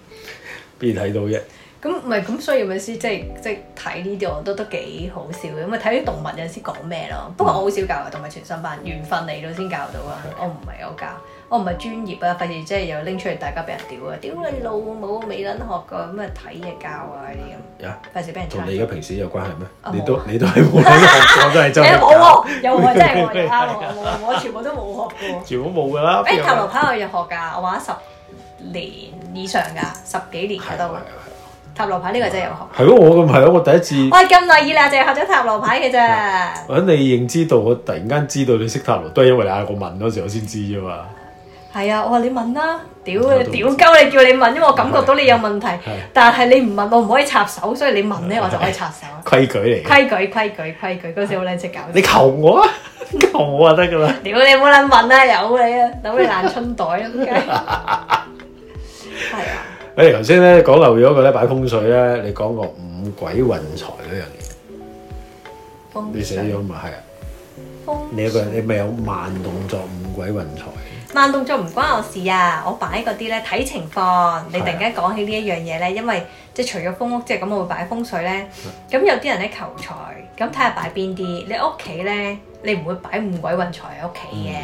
邊睇到啫？咁唔係咁，所以咪先，即係即係睇呢啲，我都都幾好笑嘅。咁咪睇啲動物有陣時講咩咯。不過我好少教嘅動物全身班，緣分嚟到先教到啊。嗯、我唔係有教，我唔係專業啊。費事即係又拎出嚟，大家俾人屌啊！屌你老母，未撚學過咁啊，睇嘢教啊嗰啲咁。啊，費事俾人。同你而家平時有關係咩？啊、你都、啊、你都係冇學，我都係真冇喎、 啊。有 我真係冇啊！我全部都冇學過。全部冇㗎啦。誒、啊，塔羅牌我日學㗎，我玩咗十年以上㗎，十幾年都， 年都。 塔羅牌呢個真係有學，係咯哇，我咁係咯，我第一次。喂，咁耐以嚟就係學咗塔羅牌嘅啫。咁 你認知道，我突然間知道你識塔羅，都係因為你嗌我問嗰時我先知啫嘛。係啊，我話你問啦，屌你，屌鳩你叫你問，因為我感覺到你有問題，的但係你唔問我唔可以插手，所以你問咧的我就可以插手。規矩嚟。規矩規矩規矩，嗰時好靚識搞。你求我啊，求我啊得噶啦。屌你冇撚問啊，有你啊，等你爛春袋啊，係啊。 誒，頭先咧講漏咗一個咧，擺風水咧，你講個五鬼運財呢樣嘢，你寫咗嘛？係啊，你個你咪有慢動作五鬼運財？慢動作唔關我事啊！我擺嗰啲咧睇情況。你突然間講起呢一樣嘢咧，因為即係除咗封屋，即係咁我會擺風水咧。咁有啲人咧求財，咁睇下擺邊啲。你屋企咧，你唔會擺五鬼運財喺屋企嘅。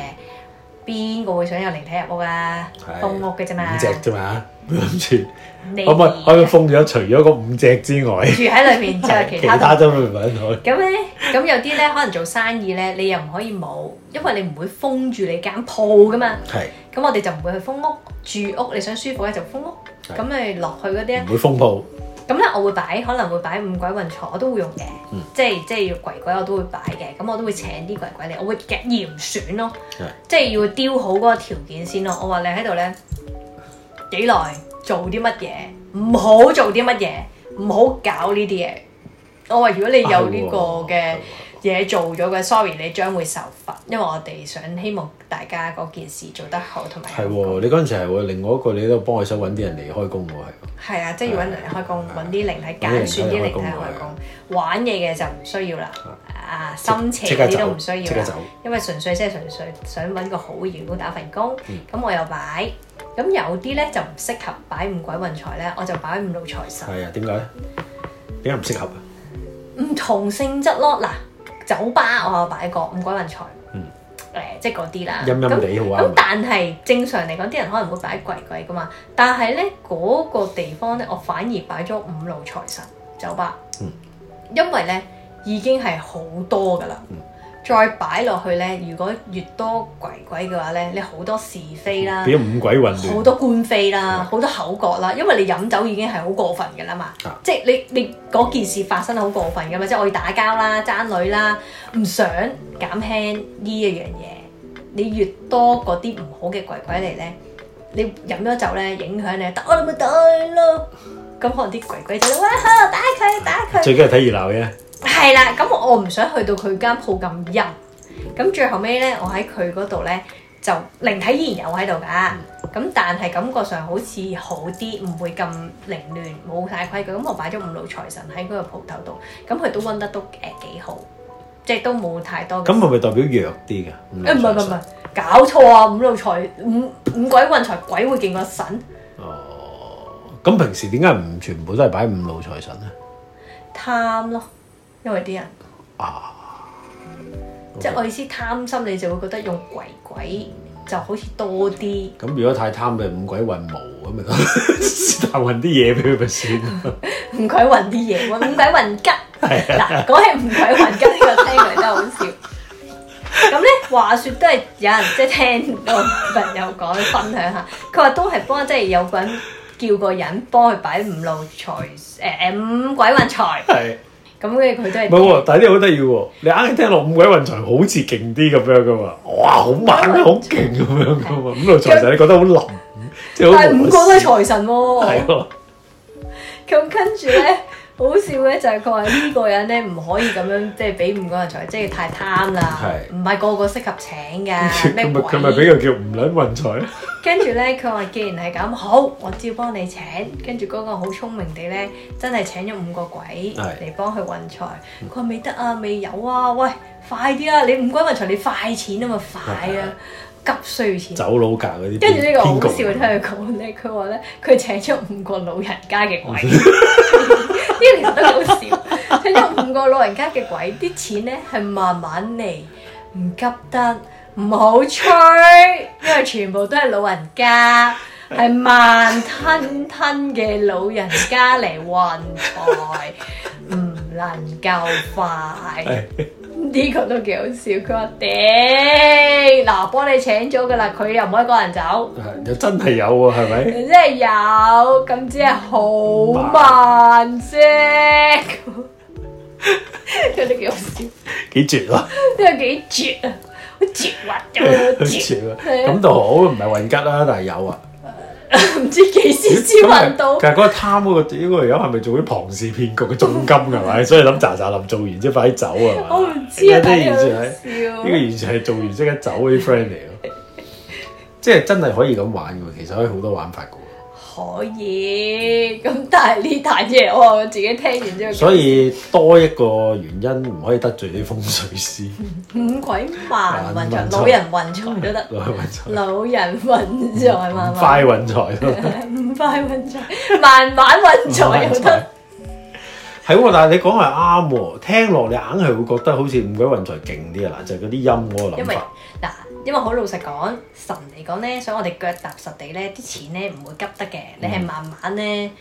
邊個會想有靈體入屋啊？封屋嘅啫嘛，五隻啫嘛。諗住，唔係，我會封咗除咗個五隻之外，住喺裏面就其他都唔允許。咁咧， 咁有啲咧可能做生意咧，你又唔可以冇，因為你唔會封住你間鋪噶嘛。係是。咁我哋就唔會去封屋住屋，你想舒服咧就封屋。咁是你落去嗰啲咧，唔會封鋪。咁咧，我會擺，可能會擺五鬼運財，我都會用嘅。嗯。即係即係要鬼鬼，我都會擺嘅。咁我都會請啲鬼鬼嚟，我會極嚴選咯，即係是要雕好嗰個條件先咯。我話你喺度咧，幾耐做啲乜嘢？唔好做啲乜嘢？唔好搞呢啲嘢。我話如果你有呢個嘅嘢做咗嘅，sorry 你將會受罰，因為我哋想希望大家嗰件事做得好，同埋係。你嗰陣時係喎，另外一個你喺度幫佢想搵啲人嚟開工喎，係。係啊，即係要搵人嚟開工，搵啲靈體減損啲靈體開工。玩嘢嘅就唔需要啦，啊，心情啲都唔需要，因為純粹即係純粹想搵個好員工打份工，咁我又擺。咁有啲咧就唔適合擺五鬼運財咧，我就擺五路財神。係啊，點解咧？點解唔適合啊？唔同性質咯，啊，嗱，酒吧我有擺過五鬼運財，嗯，誒、呃，即係嗰啲啦，陰陰地好啊。咁但係正常嚟講，啲人可能會擺鬼鬼噶嘛。但係咧，嗰、那個地方咧，我反而擺咗五路財神，酒吧，嗯，因為咧已經係好多噶啦。嗯再擺落去咧，如果越多鬼鬼嘅話咧，你好多是非啦，好多五鬼運，好多官非啦，好的多口角啦，因為你飲酒已經係好過分嘅啦嘛，啊、即係你你嗰件事發生得好過分嘅嘛，即係我要打交啦、爭女啦，唔想減輕呢一樣嘢，你越多嗰啲唔好嘅鬼鬼嚟咧，你飲咗酒咧影響你，得我哋咪打咯，咁可能啲鬼鬼就是、哇打佢打佢，最緊係睇娛樂嘅。係啦，咁我唔想去到佢間鋪咁陰。咁最後尾咧，我喺佢嗰度咧就靈體依然有喺度㗎。咁但係感覺上好似好啲，唔會咁凌亂，冇曬規矩。咁我擺咗五路財神喺嗰個鋪頭度，咁佢都温得都誒幾好，即係都冇太多。咁係咪代表弱啲㗎？誒唔係唔係，搞錯啊！五路財五五鬼運財，鬼會勁過神？哦、呃，咁平時點解唔全部都係擺五路財神咧？貪咯。因為啲人啊，即係我意思 貪心，你就會覺得用鬼鬼就好似多啲。咁如果太貪嘅五鬼運毛咁咪嗱運啲嘢俾佢咪算，嗯。五 鬼運啲嘢，五 鬼運吉。嗱，講起五鬼運吉呢個聽嚟真係好笑。咁咧，話説都係有人即係聽到朋友講分享下，佢話都係幫即係、就是、有個人叫個人幫佢擺五路財，誒、呃、誒五鬼運財。係。咁嘅佢真係，唔係喎！但係呢個好得意喎，你硬係聽落五鬼運財好似勁啲咁樣噶嘛，哇好猛好勁咁樣噶嘛，五路財神，你覺得好冧？嗯、即是但係五個都係財神喎、哦。係喎、 啊，咁跟住咧。 好笑咧，就係佢話呢個人咧唔可以咁樣，即係俾五鬼運財，即係太貪啦，唔係是個,個個適合請㗎。咩鬼？佢咪俾佢叫吳兩運財。 跟住咧，佢話既然係咁，好，我照幫你請。跟住嗰個好聰明地咧，真係請咗五個鬼嚟幫佢運財。佢話是未得啊，未有啊，喂，快啲啊！你五鬼運財，你快錢啊嘛，快啊，的急需要錢。走佬㗎嗰啲。跟住呢個,誰 個好笑，聽佢講咧，佢話咧，佢請咗五個老人家嘅鬼。 啲人真係好笑，睇到五個老人家嘅鬼，啲錢咧係慢慢嚟，唔急得，唔好吹，因為全部都係老人家，係 慢吞吞嘅老人家嚟運財，唔能夠快。 呢個都幾好笑，佢話：頂，嗱，幫你請咗噶啦，佢又唔可以一個人走，又真係有喎、啊，係咪？真係有，咁只係好慢啫，有啲幾好笑，幾絕咯，真係幾絕啊，好 絕啊，咁就、啊啊、 好，唔係混吉啦，但係有啊。唔知幾時先揾到，其實嗰個貪嗰個是是是是，呢個而家係咪做啲龐氏騙局嘅重金嘅係咪？所以諗喳喳諗做完即刻走係咪？我唔知啊，呢個完全係呢 個完全係做完即刻走啲 friend 嚟咯，即係真係可以咁玩嘅，其實可以好多玩法可以，咁但係呢壇嘢，我自己聽完之後，所以多一個原因唔可以得罪啲風水師。五鬼慢運財，老人運財都得。老人運財，慢慢快運財咯。唔快運財，慢慢運財都得。係喎，但係你講係啱，聽落你硬係會覺得好似五鬼運財勁啲啊！嗱，就係嗰啲音，我諗。因為嗱。因為好老實講，神嚟講咧，所以我哋腳踏實地咧，啲錢咧唔會急得嘅，你係慢慢咧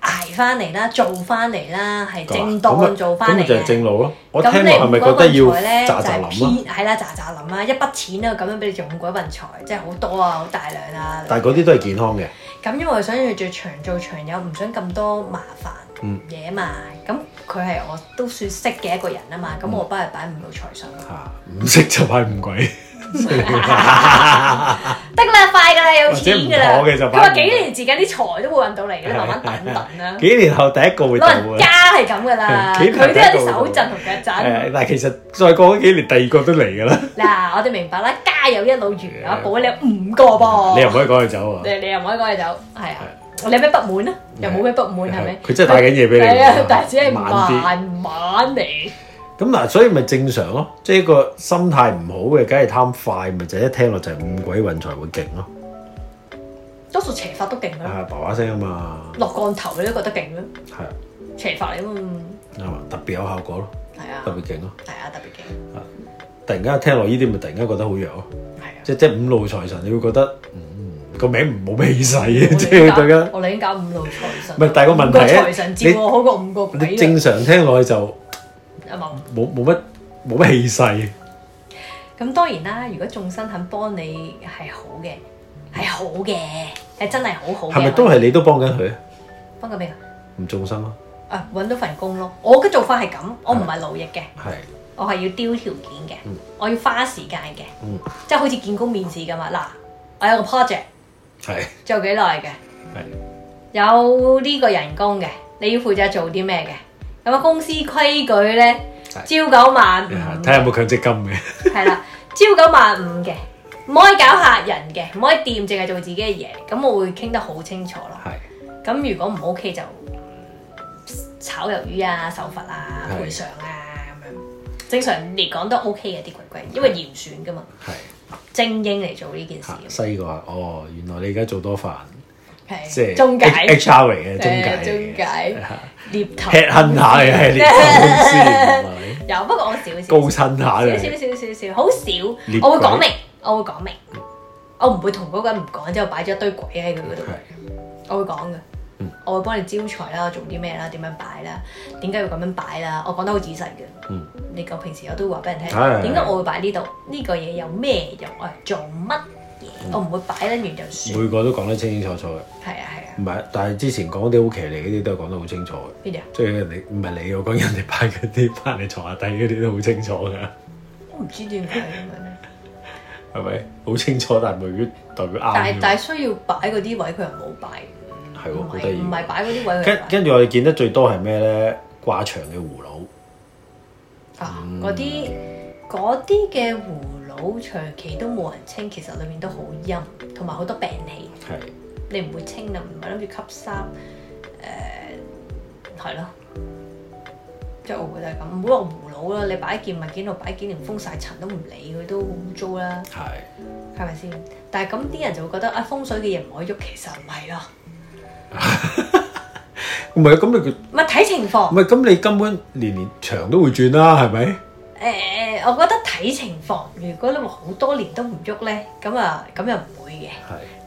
捱翻嚟啦，做翻嚟啦，係正當做翻嚟嘅。就係正路咯。我聽落係咪覺得要？就係偏係啦，咋咋諗啦，一筆錢啊，咁樣俾你做五鬼運財，即係好多啊，好大量啊。但係嗰啲都係健康嘅。咁因為想要最長做長有，唔想咁多麻煩嘢嘛。咁佢係我都算識嘅一個人啊嘛。咁我幫佢擺五路財神。嚇！唔識就擺五鬼。得啦，快噶啦，有錢噶啦。佢話幾年時間啲財都會揾到嚟，你慢慢等等啦。幾年後第一個會到啊？家係咁噶啦，佢都有啲手震同腳震，但誒，其實再過幾年，第二個都嚟噶啦。嗱，我哋明白啦，家有一老，如有一寶，保你有五個噃。你又唔可以趕佢走啊？你又唔可以趕佢走，係啊？你有咩不滿啊？又冇咩不滿係咪？佢真係帶緊嘢俾你，啊！但係只係慢慢嚟。咁嗱，所以咪正常咯，即係個心態唔好嘅，梗係貪快，咪就一聽落就係五鬼運財會勁咯。多數邪法都勁啦，嘩嘩聲啊嘛。落降頭你都覺得勁咧，係邪法嚟嘛，特別有效果咯，係啊，特別勁咯，係啊，特別勁。突然間聽落呢啲，咪突然間覺得好弱咯，即係即係五路財神，你會覺得個名唔冇咩氣勢嘅，即係突然我哋搞五路財神，唔係但係個問題，財神接我好過五個鬼，正常聽落去就。冇、冇、冇乜冇乜氣勢。咁當然啦，如果眾生肯幫你係好嘅，係好嘅，係真係好好。係咪都係你都幫緊佢？幫緊邊個？唔，眾生咯。啊，揾到份工咯。我嘅做法係咁，我唔係勞役嘅，係我係要刁條件嘅，我要花時間嘅，即係好似見工面試咁啊！嗱，我有個 project，係做幾耐嘅，有呢個人工嘅，你要負責做啲咩嘅？有冇公司規矩咧？朝九晚五，睇下有冇強積金嘅。係啦，朝九晚五嘅，唔可以搞客人嘅，唔可以掂，淨係做自己嘅嘢。咁我會傾得好清楚咯。係是。咁如果唔 OK 就、嗯、炒魷魚啊、受罰啊、賠償是啊咁樣。正常嚟講都 OK 嘅啲鬼鬼，因為嚴選噶嘛。係是。是精英嚟做呢件事，啊。西哥，哦，原來你而家做多飯。即係中介，H R 嚟嘅中介，獵頭，吃下嘅。有不過我少少少少少少好少，我會講明，我會講明，我唔會同嗰個人唔講，之後擺咗一堆鬼喺佢嗰度，我會講嘅，我會幫你招財啦，做啲咩啦，點樣擺啦，點解要咁樣擺啦，我講得好仔細嘅，你個平時我都會話俾人聽，點解我會擺呢度，呢個嘢有咩用啊，做乜？我唔會擺得完就算。每個都講得清清楚楚嘅。係啊係啊。唔係、啊，但係之前講啲好騎呢啲都係講得好清楚嘅。邊啲啊？即係你唔係你我講人哋擺嗰啲擺喺牀下底嗰啲都好清楚㗎。我唔知點解啊嘛。係咪好清楚？但係未必代表啱。但係但係需要擺嗰啲位佢又冇擺。係喎的，好得意。唔係擺嗰啲位跟。跟跟住我哋見得最多係咩咧？掛牆嘅葫蘆。嗯、啊，嗰啲嗰啲嘅葫蘆。好長期都冇人清，其實裏面都好陰，同埋好多病氣。係你唔會清就唔係諗住吸濕，誒係咯，即係我覺得係咁，唔好話葫蘆啦。你擺件物件度擺件，連封晒塵都唔理佢，都好污糟啦。係係咪先？但係咁啲人就會覺得啊，風水嘅嘢唔可以喐，其實唔係咯。唔係啊，咁你叫唔係睇情況，唔係咁你根本年年牆都會轉啦，係咪？誒，我覺得。睇情況，如果你話好多年都唔喐咧，咁啊咁又唔會嘅。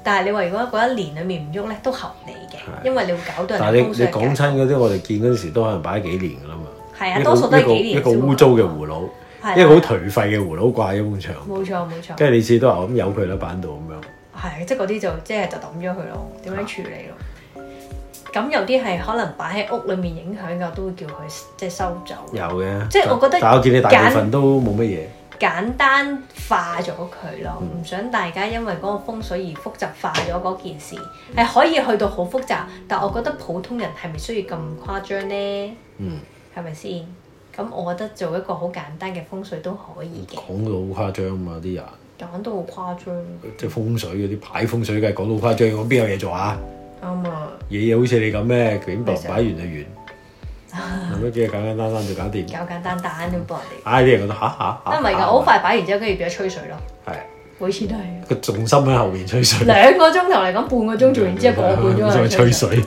但係你話如果嗰一年裏面唔喐咧，都合理嘅，因為你搞都係。但係你你講親嗰啲，我哋見嗰陣時都可能擺咗幾年噶啦嘛。係啊，多數都係幾年。一個污糟嘅葫蘆，一個好頹廢嘅葫蘆掛喺一埲牆。冇錯冇錯。跟住你次都話咁由佢啦，板度咁樣。係，即係嗰啲就即係就抌咗佢咯，點樣處理咯？咁有啲係可能擺喺屋裏面影響嘅，都會叫佢即係收走。有嘅，即係我覺得。但係我見你大部分簡都冇乜嘢。簡單化咗佢咯，唔、嗯、想大家因為嗰個風水而複雜化咗嗰件事。係、嗯、可以去到好複雜，但我覺得普通人係咪需要咁誇張咧？嗯。係咪先？咁我覺得做一個好簡單嘅風水都可以嘅。講到好誇張啊嘛，啲人。講到好誇張。即係風水嗰啲排風水梗係，講到好誇張，我邊有嘢做啊？啱、嗯、啊！嘢嘢好似你咁咩，咁擺錯完就完，咁都、啊、幾係簡簡單單，單單就搞掂，簡簡單單咁幫人哋。啲人覺得吓吓吓，都唔係噶，好、啊、快擺完之後，跟住變咗吹水咯。係、啊，每次都係。個、啊、重心喺後邊吹， 吹水，兩個鐘頭嚟講，半個鐘做完之後個半鐘再吹水。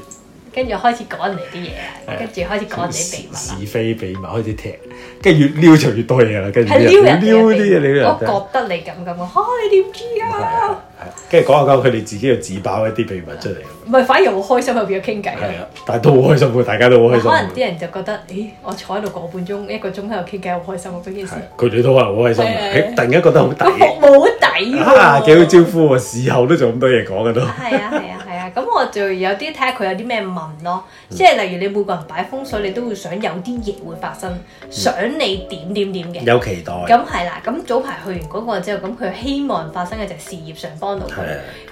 跟住開始講人哋啲嘢，跟住開始講人哋啲秘密，是非秘密，開始踢，跟住越撩就越多嘢啦。跟住撩人撩啲嘢，你又覺得你咁咁，嚇你點知啊？跟住講下講，佢哋自己又自爆一啲秘密出嚟。唔係，反而好開心喺邊度傾偈。係啊，但係都好開心，大家都好開心。可能啲人就覺得，誒，我坐喺度個半鐘一個鐘喺度傾偈，好開心嗰件事。佢哋都可能好開心。突然間覺得好大。冇底啊！幾好招呼啊，事後都仲咁多嘢講嘅都。係啊！係啊！咁我就有啲睇下佢有啲咩問咯，即係、嗯、例如你每個人擺風水，你都會想有啲嘢會發生，嗯、想你點點點嘅，有期待。咁係啦，咁早排去完嗰個之後，咁佢希望發生嘅就係事業上幫到佢。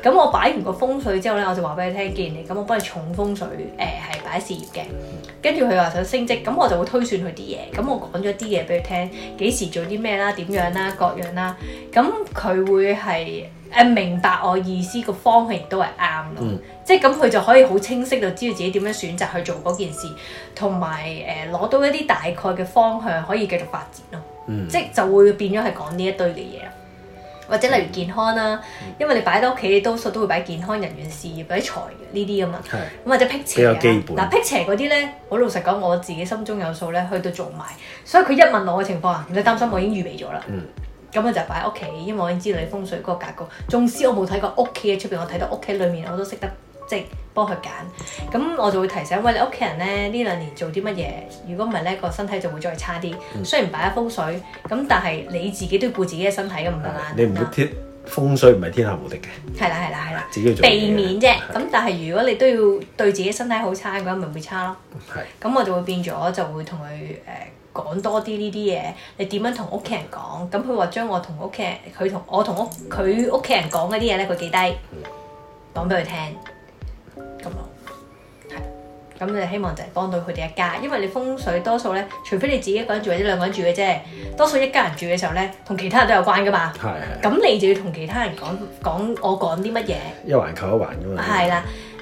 咁的我擺完個風水之後咧，我就話俾佢聽，既然你咁，我幫你重風水，誒係擺事業嘅。跟住佢話想升職，咁我就會推算佢啲嘢，咁我講咗啲嘢俾佢聽，幾時做啲咩啦，點樣啦，各樣啦，咁佢會係。誒明白我意思，個方向都係啱咯，嗯、即係咁佢就可以好清晰就知道自己點樣選擇去做嗰件事，同埋誒攞到一啲大概嘅方向可以繼續發展咯，嗯、即係就會變咗係講呢一堆嘅嘢啦，或者例如健康啦，嗯、因為你擺喺屋企，你多數都會擺健康、人員、事業、或者財呢啲咁嘛。咁是或者辟邪啊，嗱辟邪嗰啲咧，我老實講我自己心中有數咧，去到做埋，所以佢一問我嘅情況啊，唔使擔心，我已經預備咗啦。嗯嗯咁我就擺喺屋企，因為我已經知道你風水嗰個格局。縱使我冇睇過屋企嘅出邊，我睇到屋企裏面我都識得，即係幫佢揀。咁我就會提醒喂，你屋企人咧呢兩年做啲乜嘢，如果唔係咧個身體就會再差啲。嗯、雖然擺咗風水，咁但係你自己都要顧自己嘅身體咁唔得啦。你唔貼吧風水唔係天下無敵嘅。係啦係啦係啦。自己避免啫。咁的但係如果你都要對自己身體好差嘅話，咪會差咯。係的。咁我就會變咗就會同佢誒。呃講多啲呢啲嘢，你點樣同屋企人講？咁佢話將我同屋企人，佢同我同屋佢屋企人講嗰啲嘢咧，佢記低，講俾佢聽，咁咯，係。咁你希望就係幫到佢哋一家，因為你風水多數咧，除非你自己一個人住或者兩個人住嘅啫，多數一家人住嘅時候咧，同其他人都有關噶嘛。係係。咁你就要同其他人講講我講啲乜嘢，一環扣一環咁樣。係啦。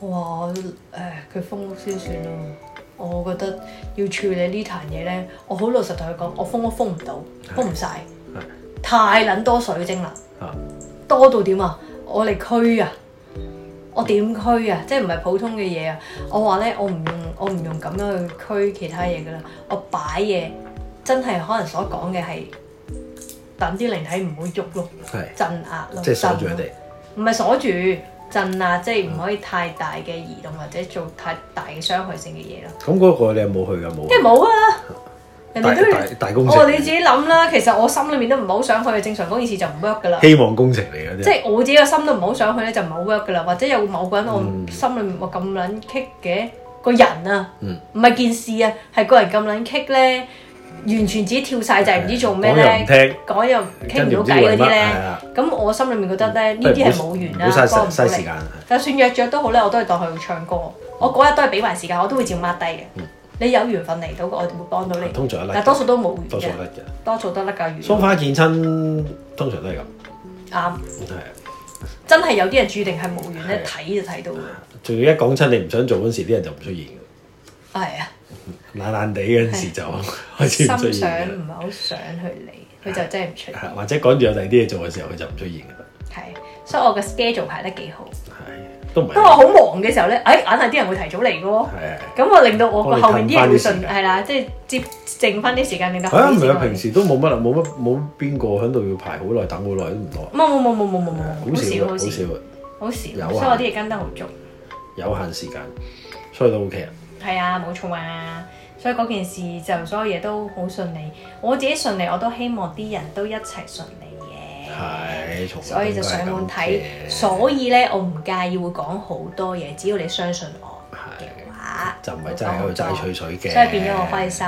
哇！誒，佢封屋先算咯。我覺得要處理呢壇嘢咧，我好老實同佢講，我封屋封唔到，封唔晒，太撚多水晶啦。的多到點啊？我哋驅啊！我點驅啊？即係唔係普通嘅嘢啊？我話咧，我唔用，我唔用咁樣去驅其他嘢噶啦。我擺嘢真係可能所講嘅係等啲靈體唔好喐咯，鎮的壓咯，即係鎖住哋。唔係了們鎖住。震啊，即係唔可以太大嘅移動或者做太大嘅傷害性嘅嘢咯。咁嗰個你有冇去㗎？冇啊！即係冇啊！大大工程哦，你自己諗啦。其實我心裏面都唔好想去。正常件事就唔 work 噶啦。希望工程嚟嘅。即係我自己個心都唔好想去咧，就唔好 work 噶啦。或者有某個人我心裏面話咁撚棘嘅個人啊，唔係件事啊，係個人咁撚棘咧。完全自己跳晒，就係唔知做咩咧，聽講又傾唔到偈嗰啲咧，咁我心裏面覺得咧，呢啲係冇緣啦，冇嘥時嘥時間。就算約着都好咧，我都係當佢唱歌。我嗰日都係俾埋時間，我都會照抹低嘅。你有緣分嚟到，我會幫到你。但多數都冇緣嘅，多數得甩嘅，多數得甩㗎緣。初見親，通常都係咁。啱。係真係有啲人注定係冇緣咧，睇就睇到。仲要一講親你唔想做嗰時，啲人就唔出現。係啊，懶懶地嗰陣時就開始心想唔係好想去嚟，佢就真係唔出，或者趕住有第二啲嘢做嘅時候，佢就唔出現。係，所以我嘅 schedule 排得幾好。係，都唔係當我好忙嘅時候咧，哎，硬係啲人會提早嚟嘅喎。咁我令到我個後邊啲人會順，係啦，即係接剩翻啲時間，令到。啊，唔係啊，平時都冇乜，冇乜，冇邊個喺度要排好耐等好耐都唔多。冇冇冇冇冇冇冇，好少好少，好少，所以我啲嘢跟得好足。有限時間，所以都 OK 係啊，冇錯啊，所以嗰件事就所有嘢都好順利。我自己順利，我都希望啲人都一齊順利嘅。係，所以就上門睇。所以咧，我唔介意會講好多嘢，只要你相信我。係唉。話就唔係真係去齋吹水嘅。所以變咗我開心。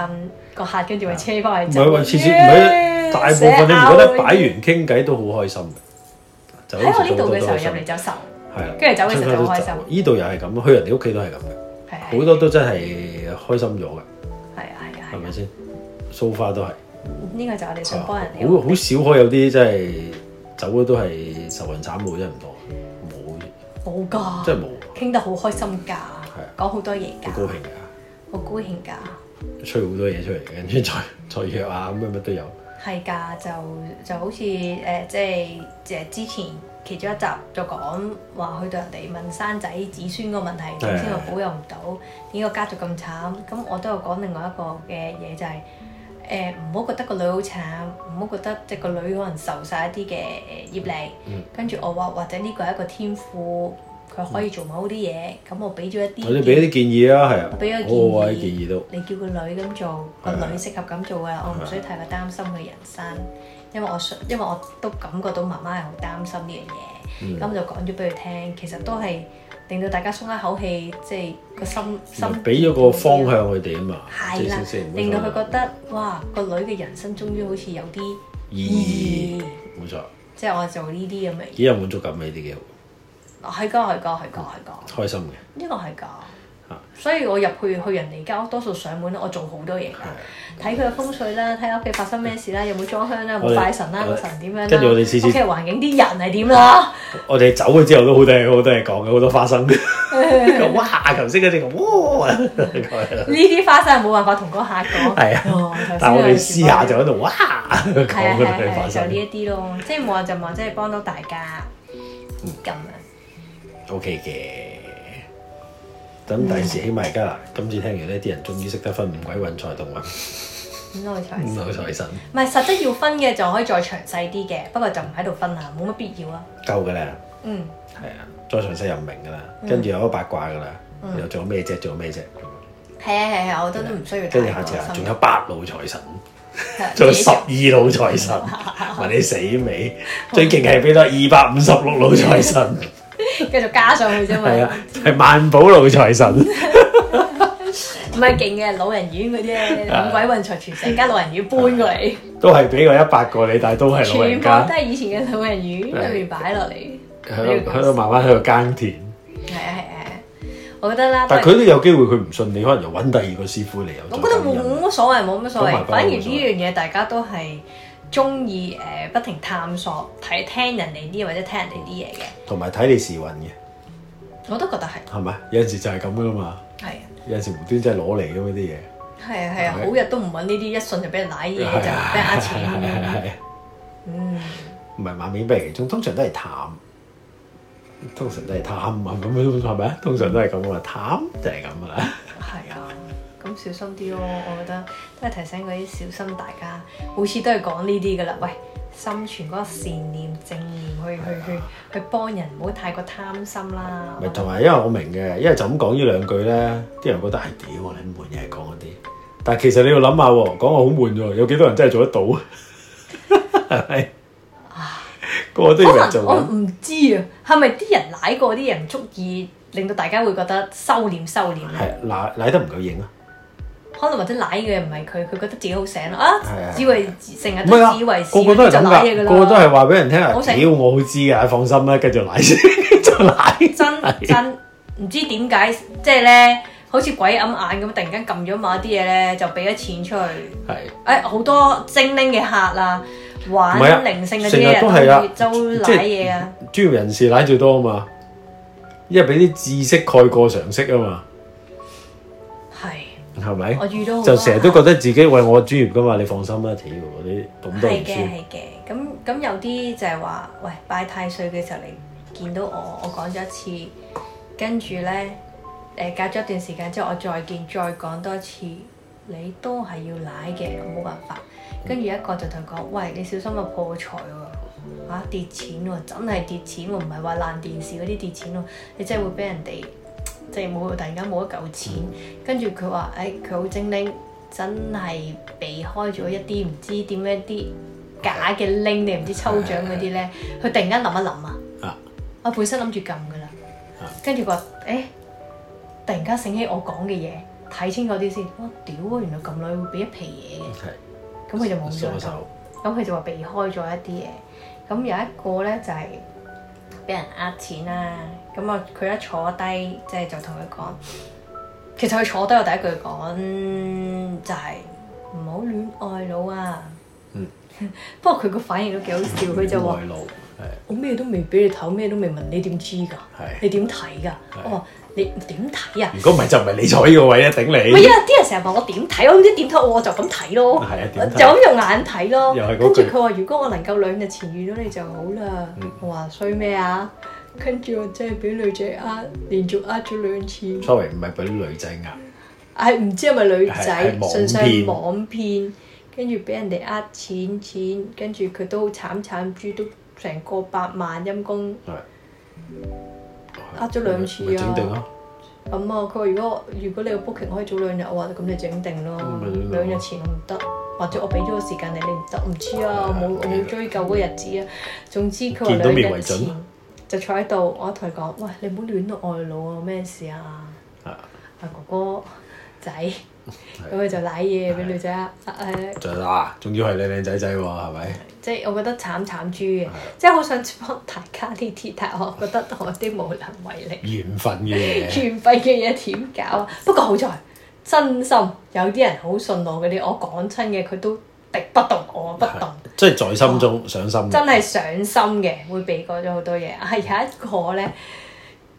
個、嗯、客跟住佢車返是去。唔係，次次唔係大部分你覺得擺完傾偈都好開心。喺我呢度嘅時候入嚟就愁，係啦，跟住的走嘅時候就好開心。呢度又係咁去人哋屋企都係咁嘅。好多都真係開心咗嘅，係啊係啊係，係咪先？So far，都係，呢個就我哋想幫人好好、uh, 或少可有啲真係走咗都係受人慘報，真唔多，冇冇㗎，真係冇，傾得好開心㗎，係啊，講好多嘢㗎，好高興㗎，好高興㗎，興 興吹好多嘢出嚟，跟住再再，再約啊，咩乜都有。係噶，就就好似誒，即係誒之前其中一集就講話去到人哋問生仔子孫個問題，先我保佑唔到，點解家族咁慘。咁我都有講另外一個嘅嘢就係、是、誒，唔、呃、好覺得個女好慘，唔好覺得即係個女可能受曬一啲嘅誒業力。嗯、跟住我話或者呢個係一個天賦。可以做某啲嘢，咁我俾咗一啲，俾一啲建議啊，係啊，俾一建議，建議都你叫個女咁做，個女適合咁做啊，我唔需要太過擔心佢人生，因為我想，因為我都感覺到媽媽係好擔心呢樣嘢，咁就講咗俾佢聽，其實都係令到大家鬆一口氣，即係個心心俾咗個方向佢哋啊嘛，係啦，令到佢覺得哇個女嘅人生終於好似有啲意義，冇錯，即係我做呢啲咁嘅，幾有滿足感啊呢啲嘅。係㗎，係㗎，係㗎，係㗎。開心嘅，呢個係㗎。所以我入去去人哋間屋，多數上門，我做好多嘢。睇佢嘅風水啦，睇屋企發生咩事啦，有冇裝香啦，有冇拜神啦，神點樣啦，跟住我哋屋企環境啲人係點啦。我哋走咗之後都好多嘢，好多嘢講嘅，好多花生嘅。咁哇，頭先嗰啲哇。呢啲花生係冇辦法同個客講。係啊，但我哋私下就喺度哇。係係係，就呢一啲咯，即係望就望，即係幫到大家咁啊。O K 嘅，咁第時起碼而家今次聽完呢啲人終於識得分五鬼運財同五路五路財神。唔係實質要分嘅，就可以再詳細啲嘅。不過就唔喺度分啦，冇乜必要啊。夠噶啦。嗯。係啊，再詳細又唔明噶啦。跟住有個八卦噶啦。又做咩啫？做咩啫？係啊係啊，我覺得都唔需要。跟住下次啊，仲有八路財神，仲有十二路財神，問你死未？最勁係畀多二百五十六路財神。繼續加上去啫嘛，係啊，係萬寶路財神，唔係勁嘅老人院嗰啲五鬼運財全承，而家老人院搬過嚟，都係俾我一百個你，但係都係老人家，全部都係以前嘅老人院入面擺落嚟，喺度喺度慢慢喺度耕田。係啊係啊，我覺得啦。但係佢都有機會，佢唔信你，可能又揾第二個師傅嚟。我覺得冇乜所謂，冇乜所謂，反而呢樣嘢大家都係。中意，誒，不停探索睇、聽人哋啲或者聽人哋啲嘢嘅，同埋睇你時運嘅，我都覺得係。係咪有陣時就係咁噶啦嘛？係啊。有陣時無端真係攞嚟咁嗰啲嘢。係啊係啊，好日都唔搵呢啲，一信就俾人攋嘢，就俾人呃錢，係咪？嗯，唔係萬變不離其宗，通常都係貪，通常都係貪啊咁樣，係咪啊？通常都係咁啊，貪定係咁啊啦。係啊。小心啲咯，我覺得都係提醒嗰啲小心大家。每次都係講呢啲㗎喇，喂，心存嗰個善念、正念去的去去去幫人，唔好太過貪心啦。咪同埋，因為我明嘅，因為就咁講呢兩句咧，啲人覺得係屌，你悶嘢講嗰啲。但係其實你要諗下喎，講我好悶啫，有幾多人真係做得到啊？係 咪的？嗰啲唉人，人做緊。我唔知啊，係咪啲人舐過啲人足意，令到大家會覺得收斂收斂。係舐舐得唔夠型啊？可能或者賴嘅嘢唔係佢，佢覺得自己好醒啊！以為成日都以為個個都係咁噶，個個都係話俾人聽啊！屌我好知啊，放心啦，繼續賴先，再賴真真唔知點解即係咧，好似鬼揞眼咁，突然間撳咗埋啲嘢咧，就俾咗錢出去。係誒好多精靈嘅客啦，玩靈性嘅啲人成日都係啊，都賴嘢啊，專業人士賴最多啊嘛，因為俾啲知識蓋過常識啊嘛，係。係咪？我遇到就成日都覺得自己為我專業㗎嘛，你放心啦，睇喎嗰啲咁都唔輸。係嘅，係嘅。咁咁有啲就係話，喂，拜太歲嘅時候你見到我，我講咗一次，跟住咧，誒、呃、隔咗一段時間之後，我再見再講多一次，你都係要奶嘅，冇辦法。跟住一個就同佢講，喂，你小心菜、哦、啊破財喎，跌錢喎、哦，真係跌錢喎、哦，唔係話爛電視嗰啲跌錢喎、哦，你真係會俾人哋。即係冇突然間冇一嚿錢，跟住佢話，誒，佢好精靈，真係避開咗一啲唔知點樣啲假嘅拎，你唔知抽獎嗰啲咧。佢突然間諗一諗啊，我本身諗住撳噶啦，跟住佢話，誒，突然間醒起我講嘅嘢，睇清嗰啲先。我屌、啊、原來咁耐會俾一皮嘢嘅，咁佢就冇咗。咁佢就話避開咗一啲嘢。咁有一個咧就係俾人呃錢啦、啊。咁啊，佢一坐低，即係就同佢講，其實佢坐低我第一句講，就係唔好戀愛腦啊。嗯。不過佢個反應都幾好笑，佢就話：我咩都未俾你睇，咩都未問，你點知噶？你點睇噶？我話你點睇啊？如果唔係就唔係你坐呢個位啊。頂你。唔係啊！啲人成日問我點睇，我唔知點睇，我就咁睇咯。係啊，就咁用眼睇咯。又係嗰句。跟住佢話：如果我能夠兩日前遇到你就好啦。我話衰咩啊？跟住我真係俾女仔呃，連續呃咗兩次。sorry，唔係俾女仔呃，係唔知係咪女仔，純粹網騙。跟住俾人哋呃錢錢，跟住佢都慘慘豬，都成個百萬陰公。呃咗兩次啊。咁啊，佢話如果如果你個 booking 可以早兩日，我話咁你整定咯。兩日前我唔得，或者我俾咗個時間你，你唔得，唔知啊，冇冇追究嗰日子啊。總之佢話兩日前。就坐喺度，我同佢講：，喂，你唔好亂外佬啊，咩事啊？啊哥哥仔，咁佢的就攋嘢俾女仔的啊！誒，仲要係靚靚仔仔喎，係咪？即係我覺得慘慘豬嘅，的即係好想幫大家呢啲，但係我覺得我啲無能為力。緣分嘅嘢。緣 分嘅嘢點搞啊？不過好在真心有啲人好順路嗰啲，我講親嘅佢都敵不動，我不動。即係在心中哇上心，真係上心嘅會避過咗好多嘢。係有一個咧，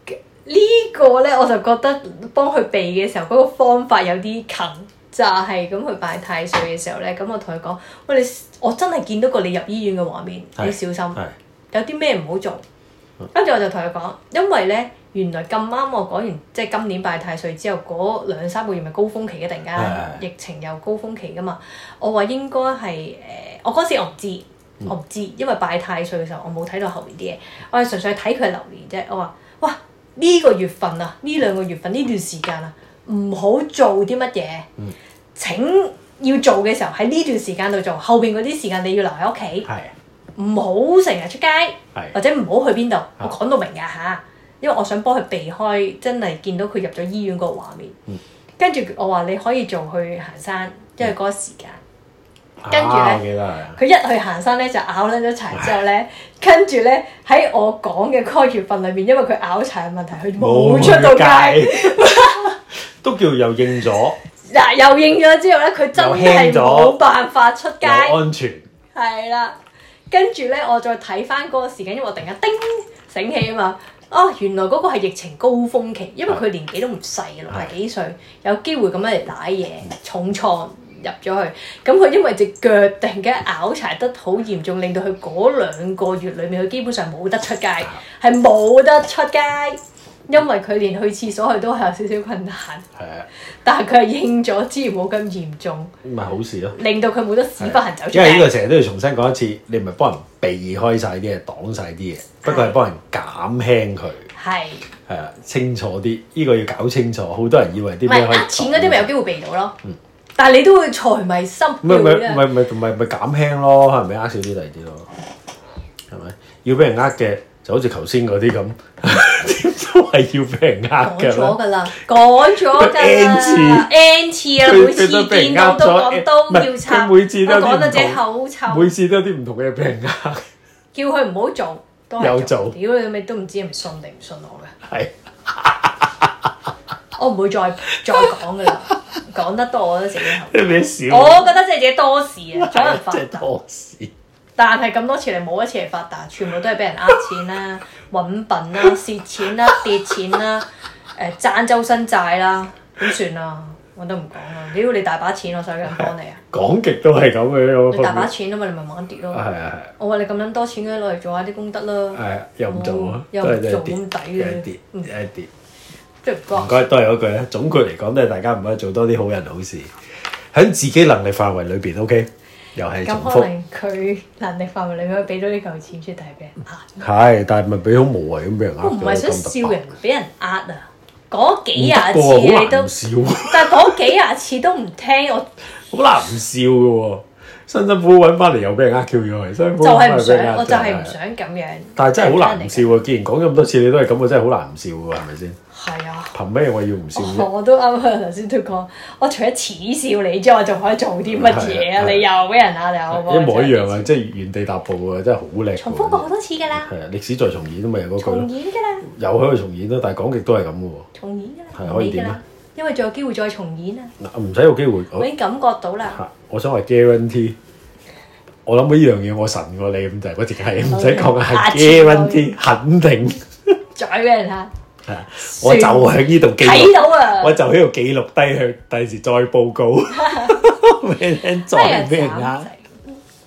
這個、呢個咧我就覺得幫佢避嘅時候，嗰、那個方法有啲近，就係咁去拜太歲嘅時候咧。咁我同佢講：，喂，你我真係見到過你入醫院嘅畫面，是你小心，是有啲咩唔好做。跟住、嗯、我就同佢講，因為咧。原來咁啱我講完，即係今年拜太歲之後嗰兩三個月咪高峰期嘅，突然間是疫情又高峰期㗎嘛。我話應該係誒，我嗰時我唔知，我唔知，因為拜太歲嘅時候我冇睇到後面啲嘢，我係純粹睇佢流年啫。我話，哇！呢、這個月份啊，呢兩個月份呢段時間啊，唔好做啲乜嘢。嗯。請要做嘅時候喺呢段時間度做，後邊嗰啲時間你要留喺屋企。唔好成日出街，是的 或者唔好去邊度。是的 我講到明㗎吓。因為我想幫佢避開真係見到佢入咗醫院個畫面，嗯、跟住我話你可以做去行山，因為嗰個時間，咬嘅啦！佢一去行山咧就拗甩咗柴之後咧，唉跟住咧喺我講嘅開月份裏面，因為佢拗柴嘅問題解，佢冇出到街，都叫又應咗。嗱，又應咗之後咧，佢真係冇辦法出街，出道安全係啦。跟住咧，我再睇翻嗰個時間，因為我突然間叮醒起啊嘛。哦，原來嗰個係疫情高峰期，因為佢年紀都唔細，六廿幾歲，有機會咁樣嚟賴嘢重創入咗去。咁佢因為隻腳突然間拗柴得好嚴重，令到佢嗰兩個月裏面，佢基本上冇得出街，係冇得出街。因為佢連去廁所佢都係有少少困難，係啊，但係佢係應咗，雖然冇咁嚴重，唔係好事咯，令到佢冇得屎不行走出嚟。即係呢個成日都要重新講一次，你咪幫人避開晒啲嘢，擋晒啲嘢，不過係幫人減輕佢，係係啊，清楚啲，呢個要搞清楚。好多人以為啲咩可以呃錢嗰啲咪有機會避到咯，但係你都會財迷心，唔係唔係唔係唔係唔係減輕咯，係咪呃少啲第二啲咯，係咪要俾人呃嘅，就好似頭先嗰啲咁。都係要俾人呃噶啦，講咗噶啦，講咗 n 次，n 次啦，每次見到都講都要拆，每次都講到隻口臭，每次都有啲唔同嘅嘢俾人呃，叫佢唔好做，有做，屌你咪都唔知係咪信定唔信我嘅。係，我唔會再再講噶啦，講得多我都自己，咩事？我覺得真係自己多事啊，再發，係多事。但係咁多次嚟冇一次係發達，全部都係俾人呃錢啦、揾笨啦、蝕錢啦、跌錢啦。誒，賺周身債啦，點算啊？我都唔講啦。屌，你大把錢，我想幫你啊！講極都係咁樣。你大把錢啊嘛，你咪猛跌咯。係係係。我話你咁樣多錢攞嚟做下啲功德啦。係又唔做啊？又唔做咁抵嘅。跌，誒跌。即係唔該，唔該，都係嗰句咧。總括嚟講，都係大家唔可以做多啲好人好事，喺自己能力範圍裏邊，OK。咁可能佢能力範圍裏面俾咗呢嚿錢出嚟俾人呃？係，但係咪係俾好無謂咁俾人呃？是是人我唔係想笑人，人，俾人呃啊！嗰幾廿次你都，笑， 但係嗰幾廿次都唔聽我，好難唔笑嘅喎！辛辛苦苦揾翻嚟又俾人呃叫咗係，就係唔想，我就係唔想咁樣。但係真係好難唔笑啊！既然講咁多次，你都係咁，我真係好難唔笑㗎，係咪先？係啊！憑咩我要唔笑，我都啱啱頭先都講，我除咗恥笑你之外，仲可以做啲乜嘢啊？你又畀人啊？你一模一樣啊！即係原地踏步啊！真係好叻，重複過好多次㗎啦！係啊，歷史再重演都咪嗰句重演㗎啦！又可以重演咯，但係講極都係咁嘅喎。重演㗎，可以點啊？因為仲有機會再重演啊！嗱，唔使有機會，我已經感覺到啦。我想話 guarantee，我諗起依樣嘢，我神過你咁就，我直係唔使講係 guarantee，肯定再畀人嚇？我就喺呢度記錄，到我就喺度記錄低去，第時再報告。俾人呃，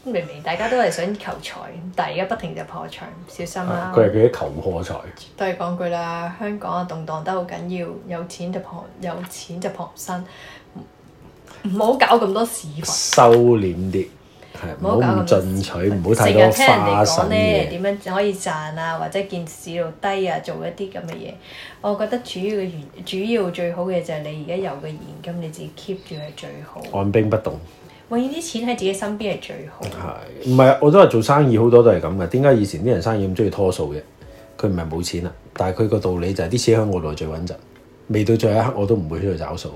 明明大家都係想求財，但係而家不停就破財，小心啦。佢係佢啲求破財。都係講句啦，香港嘅動盪都好緊要，有錢就破，有錢就破身，唔好搞咁多屎。收斂啲。唔好咁進取，唔好太多花神嘢。成日聽人哋講咧，點樣可以賺啊？或者見市道低啊，做一啲咁嘅嘢。我覺得，主要嘅原主要最好嘅就係你而家有嘅現金，你自己 keep 住係最好。按兵不動，永遠啲錢喺自己身邊係最好。係唔係？我都話做生意好多都係咁嘅。點解以前啲人生意咁中意拖數嘅？佢唔係冇錢啦，但係佢個道理就係、是、啲錢喺我度最穩陣。未到最後一刻，我都唔會出去找數，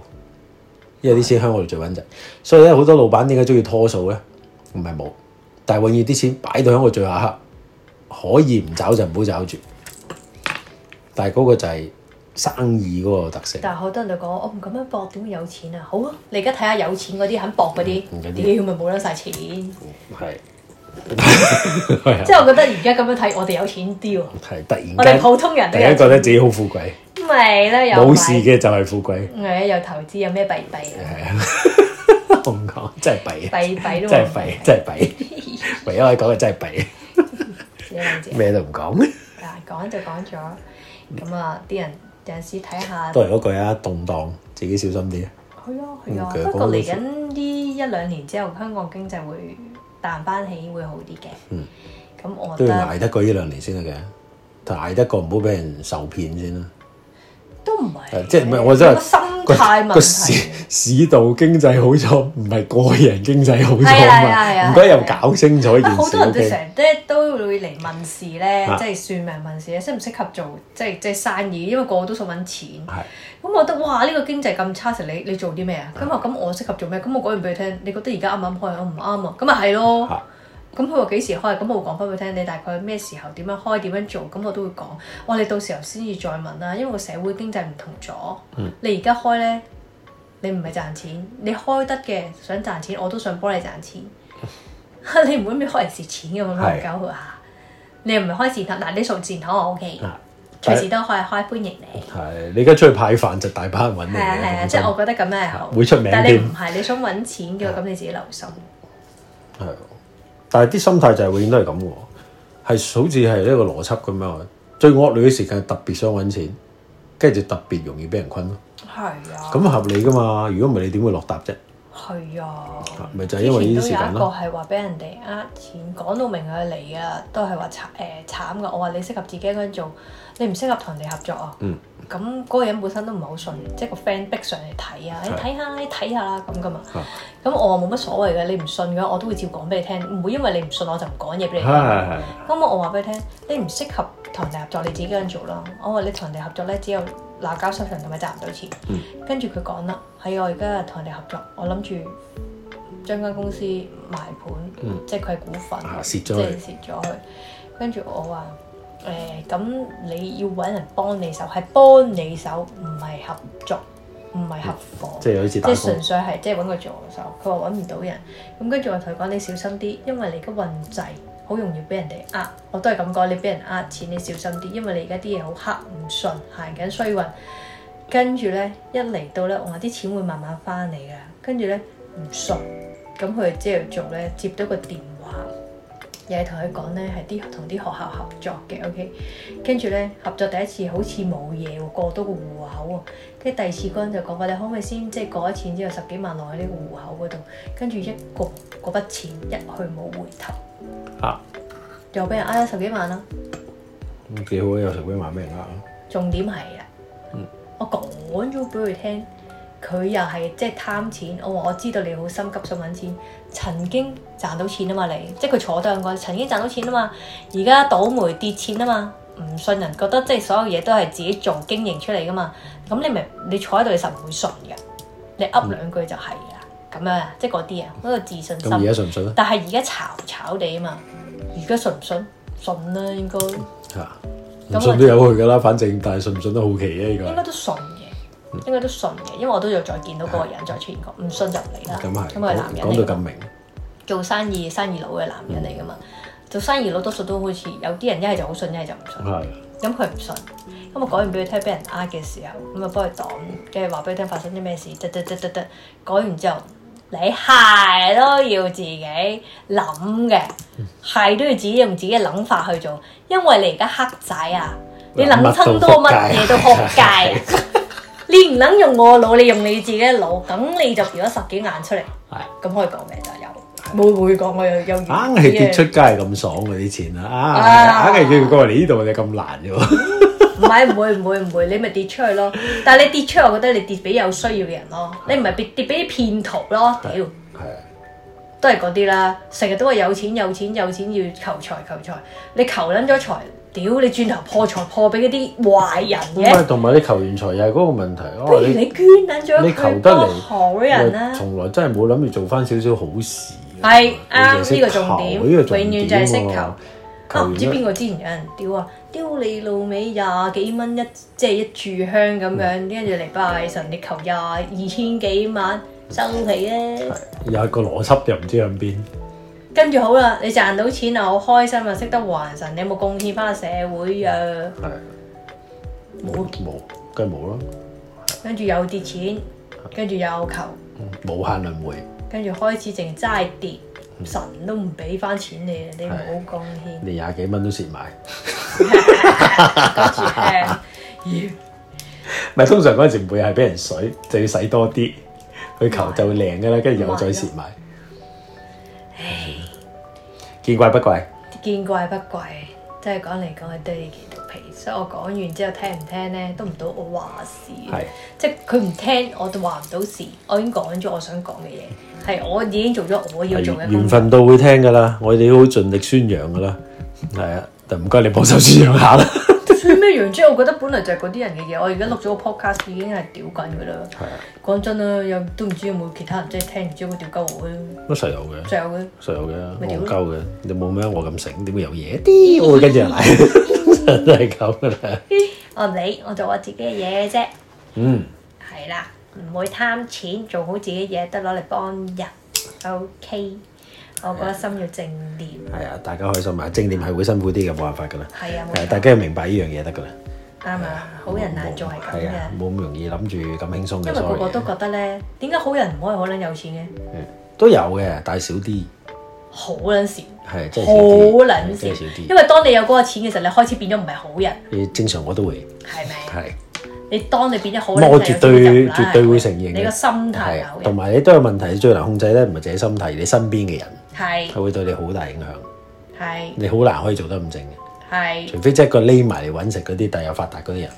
因為啲錢喺我度最穩陣。的所以咧，好多老闆點解中意拖數咧？唔係冇，但係永遠啲錢擺到喺我最下刻，可以唔找就唔好找住。但係嗰個就係生意嗰個特色。但係好多人都講，我唔咁樣搏點會有錢啊？好啊，你而家睇下有錢嗰啲肯搏嗰啲，屌咪冇得晒錢。係、嗯， 即係我覺得而家咁樣睇，我哋有錢啲喎、啊。突然我哋普通人第一覺得自己好富貴。咪啦，有冇事嘅就係富貴。係啊，有投資有咩弊弊啊？ 真係弊，弊弊都，真係弊，真係弊。唯一可以講嘅真係弊，咩都唔講咩。嗱，講就講咗，咁啊啲人有陣時睇下，都係嗰句啊，動盪，自己小心啲。係啊係啊，不過嚟緊呢一兩年之後，香港經濟會彈翻起，會好啲嘅。嗯。咁我都要捱得過呢兩年先得嘅，但係捱得過唔好俾人受騙先啦。都唔係，即係唔係我真係個心態問，個市市道經濟好咗，唔係個人經濟好咗啊嘛，唔該又搞清楚。好 okay? 多人都成日咧都會嚟問事咧，的即係算命問事咧，適唔適合做即係即係生意，因為個個都想揾錢。咁的我覺得哇！呢個經濟咁差，成你你做啲咩啊？咁啊咁我適合做咩？咁我講完俾你聽，你覺得而家啱啱開？我唔啱啊！咁咪係咯。的咁佢話幾時開？咁我會講翻佢聽，你大概咩時候點樣開？點樣做？咁我都會講。我哋到時候先至再問啦，因為個社會經濟唔同咗、嗯。你而家開咧，你唔係賺錢，你開得嘅想賺錢，我都想幫你賺錢。你唔會咩開蝕錢嘅咁樣搞佢嚇。你唔係開蝕頭，嗱是你字蝕頭我 OK，隨時都可以開是歡迎你。係你而家出去派飯就大把人搵你。係啊係啊，即係心、就是、我覺得咁樣係會出名但。但係你唔係你想揾錢嘅，咁你自己留心。係。但係啲心態就係永遠都係咁喎，係好似係一個邏輯咁樣！最惡劣嘅時間係特別想揾錢，跟住就特別容易俾人困咯。係啊，咁合理噶嘛？如果唔係你點會落搭啫？係啊，咪、啊、就係、是、因為呢啲時間咯。以前都有個係話俾人哋呃錢，講到明佢嚟啊，都係話、呃、慘誒噶。我話你適合自己一個人做，你唔適合同人哋合作啊。嗯。咁嗰個人本身都唔係好信，即係個 friend 逼上嚟睇啊，的啊，你睇下，啊的，你睇下啦咁噶嘛。咁我話冇乜所謂嘅，你唔信嘅話，我都會照講俾你聽，唔會因為你唔信我就唔講嘢俾你。咁的我話俾你聽，你唔適合同人哋合作，你自己一個人做啦。我話你同人哋合作咧，只有鬧交收場同埋賺唔到錢。嗯、跟住佢講啦，喺我而家同人哋合作，我諗住將間公司賣盤，嗯、即係佢係股份，即係蝕咗。即係蝕咗佢我。跟住我話。誒咁、呃、你要揾人幫你手，係幫你手，唔係合作，唔係合伙，嗯。即係好似即係純粹係即係揾個助手。佢話揾唔到人，咁、嗯、跟住我同佢講：你小心啲，因為你個運滯好容易俾人哋呃。我都係咁講，你俾人呃錢，你小心啲，因為你而家啲嘢好黑，唔順，行緊衰運。跟住咧，一嚟到咧，我話啲錢會慢慢翻嚟噶。跟住咧唔順，咁佢即係做咧，接到個電話。又係同佢講咧，係啲同啲學校合作嘅，OK。跟住咧合作第一次好似冇嘢喎，過到個戶口喎。跟住第二次嗰陣就講話，你可唔可以先即係過咗錢之後十幾萬落喺呢個戶口嗰度？跟住一個嗰筆錢一去冇回頭。嚇、啊！又俾人呃咗十幾萬啦。咁幾好有十幾萬俾人呃啊？重點係啊，嗯、我講咗俾佢聽，佢又係即係貪錢。我話我知道你好心急想揾錢。曾經賺到錢啊嘛，你即係佢坐多兩個，曾經賺到錢啊嘛，而家倒霉跌錢啊嘛，唔信人覺得即係所有嘢都係自己做經營出嚟噶嘛，咁你咪，你坐喺度你實唔會信嘅，你噏兩句就係啦，咁、嗯、樣即係嗰啲啊，嗰、嗰個自信心。而家信唔信？但係而家吵吵地啊嘛，而家信唔信？信啦，應該吓？唔、啊、信都有去噶啦，反正，但係信唔信都好奇啫、啊，應該應該都信，應該都信嘅，因為我都有再見到嗰個人再出現過，唔 Yeah. 信就唔理啦。咁係、嗯，咁個男人嚟。講到咁明，做生意生意佬嘅男人嚟噶嘛？嗯、做生意佬多數都好似有啲人一係就好信，一係就唔信。係、uh.。咁佢唔信，咁我講完俾佢聽，俾人呃嘅時候，咁就幫佢擋，跟住話俾佢聽發生啲咩事，得得得，突突。改完之後，你係都要自己諗嘅，係都、mm. 要自己用自己嘅諗法去做，因為你而家黑仔啊，老 'm 你諗親多乜嘢都撲街。 你唔撚用我個腦，你用你自己嘅腦，咁你就掉咗十幾萬出嚟，係咁對可以講咩？就有，唔會講，我又又唔。啊，硬係跌出街係咁爽嗰啲錢啦，啊，硬係，叫佢過嚟呢度你咁難啫喎。唔係唔會唔會唔會，你咪跌出去咯。但係你跌出去，我覺得你跌俾有需要嘅人咯。的你唔係別跌俾啲騙徒咯，屌，係啊，都係嗰啲啦。成日都話有錢有錢有錢，要求財求財，你求撚咗財。屌！你轉頭破財破俾嗰啲壞人嘅。唔係，同埋你求完財又係嗰個問題。不如你捐咗做求得嚟好人啦。從來真係冇諗住做翻少少好事。係啱呢個重點，呢個重點喎，永遠就係識求。啊！唔知邊個之前有人屌啊？屌你老味廿幾蚊一，即係一炷香咁樣，跟住嚟拜神，你求廿二千幾萬收皮咧。係，又係個邏輯又唔知向邊。跟住好啦，你賺到錢啊，好開心啊，識得還神，你有冇貢獻翻個社會啊？冇冇，梗係冇啦。跟住又跌錢，跟住又求，無限輪迴。跟住開始淨齋跌，神都唔俾翻錢你，你冇貢獻，你廿幾蚊都蝕埋。唔係通常嗰陣時唔會係俾人水，就要使多啲去求就會靚噶啦，跟住又再蝕埋。見怪不怪，見怪不怪，即係講嚟講去都係幾道皮，所以我講完之後聽唔聽咧都唔到我話事，係是即係佢唔聽我都話唔到事，我已經講咗我想講嘅嘢，係我已經做咗我要做嘅。緣分到會聽噶啦，我哋都好盡力宣揚噶啦，係啊， 但唔該你幫手宣揚下啦。 一樣啫，我覺得本嚟就係嗰啲人嘅嘢。我而家錄咗個 podcast 已經係屌緊噶啦。講、嗯、真啦，有都唔知有冇其他人即係聽唔知會屌鳩我咧。乜實有嘅？實有嘅。實有嘅。屌鳩嘅。你冇咩我咁醒，點會有嘢屌？我跟住嚟，都係咁噶啦。唔、 嗯、 理，我做我自己嘅嘢啫。嗯。係啦，唔會貪錢，做好自己嘢，得攞嚟幫人。OK。我覺得心要正念，係啊！大家開心埋，正念係會辛苦啲嘅，冇辦法㗎啦。係啊，大家要明白依樣嘢得㗎啦。啱啊，好人難做㗎，冇咁容易諗住咁輕鬆嘅。因為個個都覺得咧，點解好人唔可以好撚有錢嘅？都有嘅，但係少啲。好撚少，係真係少好撚少，少啲。因為當你有嗰個錢嘅時候，你開始變咗唔係好人。正常我都會，係咪？係。你當你變咗好人，我絕對絕對會承認。你個心態，同埋你都有問題，最難控制咧，唔係自己心態，而你身邊嘅人。係，佢會對你好大影響。係的，你好難可以做得咁正嘅。係的，除非即係個匿埋嚟揾食嗰啲，但有又發達嗰啲人。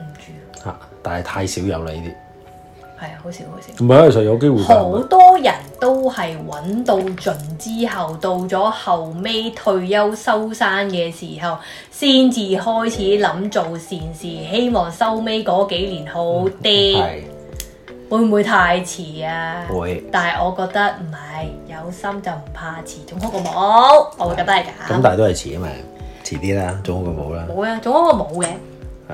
唔住，吓，但係太少有啦呢啲。係啊，好少好少。唔係啊，隨時有機會。好多人都係揾到盡之後，到咗後尾退休收山嘅時候，先至開始諗做善事，嗯、希望收尾嗰幾年好啲。係、嗯。會唔會太遲啊？會，但係我覺得唔係，有心就唔怕遲，總好過冇。我會覺得係假。咁但係都係遲啊嘛，遲啲啦，總好過冇啦。冇啊，總好過冇嘅，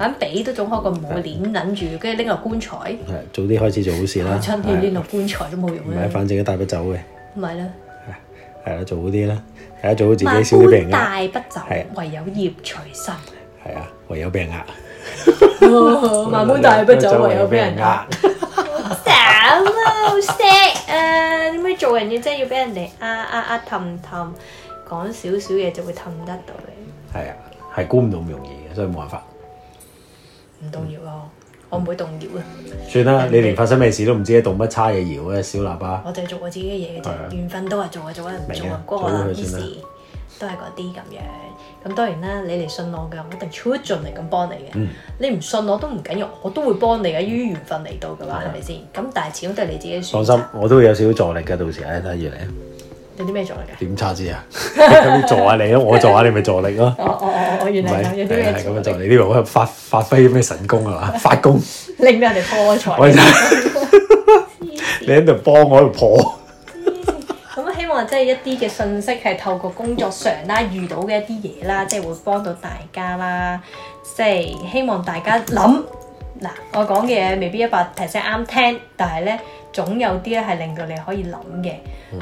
肯俾都總好過冇，碾捻住，跟住拎落棺材。係，早啲開始做好事啦。春天拎落棺材都冇用。唔係，反正都帶不走嘅。唔係咯。係啊，做好啲啦，係啊，做好自己少啲病嘅。萬般帶不走，唯有業隨身。係啊，唯有病壓。哈哈哈哈，萬般帶不走，唯有俾人呃。想咯，石啊！點解做人嘅真係要俾人哋啊啊啊氹、啊、氹，講少少嘢就會氹得到你。係啊，係估唔到咁容易嘅，所以冇辦法。唔動搖咯，嗯、我唔會動搖啊！算啦，你連發生咩事都唔知，動乜叉嘢搖啊，小喇叭。我哋做我自己嘅嘢嘅啫，緣、啊、分都係做啊做啊唔做啊過啊啲事。算都係嗰啲咁樣，咁當然啦。你嚟信我嘅，我一定出盡力咁幫你嘅。嗯，你唔信我都唔緊要，我都會幫你嘅。依於緣分嚟到嘅話，係咪先？咁但係始終都係你自己選。放心，我都會有少少助力嘅。到時睇睇而嚟啊！ 有啲咩助力㗎？點差之啊？咁你助下你咯，我助下你咪助力咯。我哦哦，原來係咁樣助力。係咁樣助力，呢個我發發揮咩神功係嘛？發功， 令到人哋破財。你喺度幫我喺度破。即係一啲嘅信息係透過工作上啦，遇到嘅一啲嘢啦，即係會幫到大家啦，即係希望大家諗，嗱，我講嘅嘢未必一百 percent 啱聽，但係咧。總有啲咧係令到你可以諗嘅，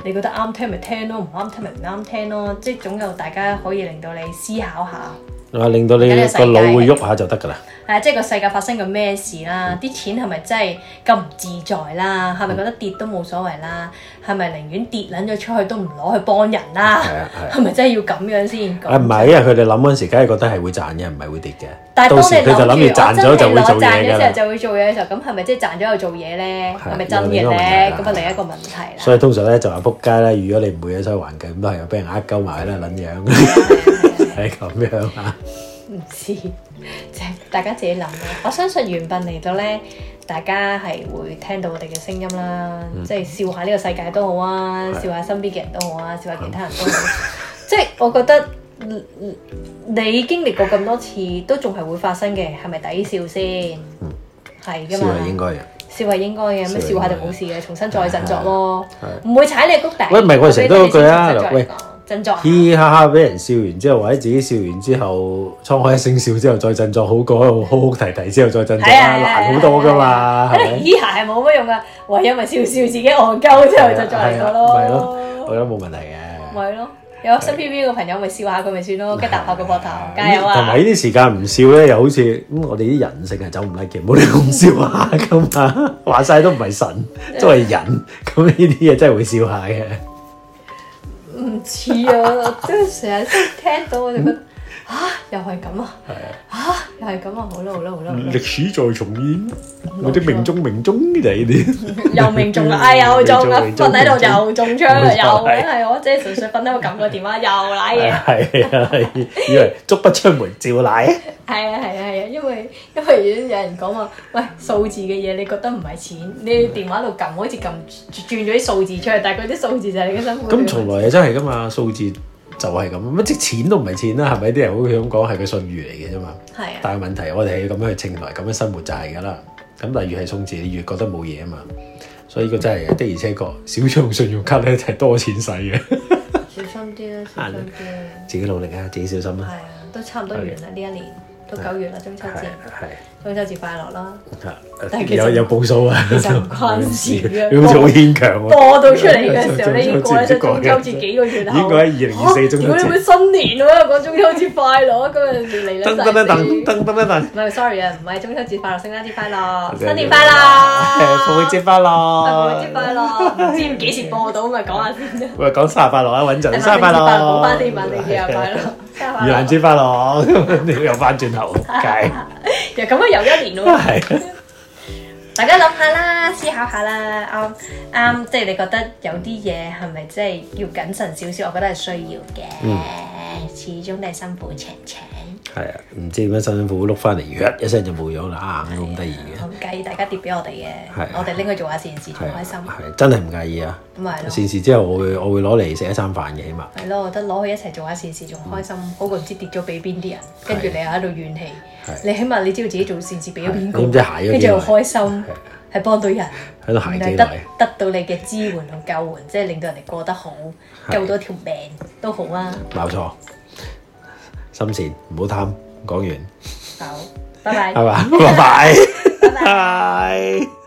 你覺得啱聽咪聽咯，唔啱聽咪唔啱聽咯。即係總有大家可以令到你思考下，令到你個腦會喐下就得㗎啦。係啊，即係個世界發生緊咩事啦？啲錢係咪真係咁唔自在啦？係咪覺得跌都冇所謂啦？係咪寧願跌撚咗出去都唔攞去幫人啦？係啊係，係咪真係要咁樣先？誒唔係，因為佢哋諗嗰陣時，梗係覺得係會賺嘅，唔係會跌嘅。但係當你諗住賺咗就會做嘢啦。真係諗賺咗之後就會做嘢嘅時候，咁係咪即係賺咗又做嘢咧？係咪真嘅？嘅咁啊，嗯、另一個問題啦。所以通常咧就話撲街啦，如果你唔會喺所以環境都係又俾人呃鳩埋啦，撚 樣係咁樣啊。唔知即係大家自己諗咯。我相信緣分嚟到咧，大家係會聽到我哋嘅聲音啦，嗯、即係笑下呢個世界都好啊，嗯、笑下身邊嘅人都好啊，笑下其他人都好啊。嗯、即係我覺得你經歷過咁多次，都仲係會發生嘅，係咪抵笑先？嗯，係㗎嘛的。應該、嗯。嗯笑係應該嘅，咁笑下就冇事嘅，重新再振作咯，唔會踩你谷底。喂，唔係我哋成日都嗰句啊，喂，振作！嘻嘻哈哈俾人笑完之後，或者自己笑完之後，滄海一聲笑之後再振作，好過喺度哭哭啼啼之後再振作，難好多噶嘛，係嘻嘻係冇乜用噶，唯有咪笑笑自己戇鳩之後就振作咯。係咯，我覺得冇問題嘅。咪咯。有新 P. V. 嘅朋友咪笑下佢咪算咯，跟住搭下個膊頭，加油啊！同埋呢啲時間唔笑咧，又好似咁、嗯，我哋啲人性係走唔甩嘅，冇理由咁笑下咁啊！話晒都唔係神，都係人，咁呢啲嘢真係會笑下嘅。唔似啊，即係成日都聽到我哋覺得嚇，又係咁啊！嚇的～、啊係咁啊！好啦好啦好啦，歷史再重演，我啲命中命中你哋，又命中啦，哎又中啦，瞓喺度又中槍，又係我即係純粹瞓喺度撳個電話又瀨嘢，係啊，以為足不出門照瀨。係啊係啊係啊，因為因為而有人講話，喂，數字嘅嘢你覺得唔係錢？你電話度撳好似撳轉咗啲數字出嚟，但係嗰啲數字就係你嘅生活。咁從來啊真係噶嘛數字。就係咁，乜即錢都唔係錢啦、啊，係咪？啲人會咁講，係個信譽嚟嘅啫嘛。係、啊。但係問題，我哋係咁樣去稱來，咁樣生活就係㗎啦。咁但越係送自己，越覺得冇嘢啊嘛。所以呢個真係的而且確，少用信用卡咧就係多錢使嘅。 小心啲啦，小心啲。自己努力啊，自己小心啦、啊。係啊，都差唔多完啦，呢的一年都九月啦，的中秋節。係。中秋節快樂啦！但係其實有報數啊，其實唔關事嘅。要做到牽強播到出嚟嘅時候，你已經過咗中秋節幾個月後。應該喺二零二四中秋節。你會新年啊？講中秋節快樂咁樣嚟咧？噔，噔噔噔噔噔噔，唔係，sorry 啊，唔係中秋節快樂，聖誕節快樂，新年快樂，復興節快樂，復興節快樂，唔知幾時播到咪講下先啫。咪講生日快樂啊！穩陣，生日快樂，好！新年，你幾啊？快樂，生日快樂，元旦節快樂，你又翻轉頭計。又咁啊！又一年咯，是啊、 大家諗下啦，思考下啦，啱、oh, 啱、um, 嗯、即係你覺得有啲嘢係咪即係要謹慎少少？我覺得係需要嘅，嗯、始終都係辛苦情情。係啊，唔知點樣辛苦碌翻嚟，噏一聲就冇咗啦，唔好咁得意嘅。唔、啊、介意，大家跌俾我哋嘅，啊、我哋拎佢做下善事仲開心。係、啊啊啊、真係唔介意啊！咁善事之後我會我會攞嚟食一餐飯嘅，起碼係咯，我覺得攞去一齊做下善事仲開心。嗰個唔知跌咗俾邊啲人，跟住你又喺度怨氣。吧你起碼你知道自己做善事俾咗邊個，跟住好開心，係幫到人，喺度行幾耐，得得到你嘅支援同救援，即係令到人哋過得好，救到條命都好啊！冇錯，心善唔好貪，講完，好，拜拜，拜拜，拜拜，拜拜。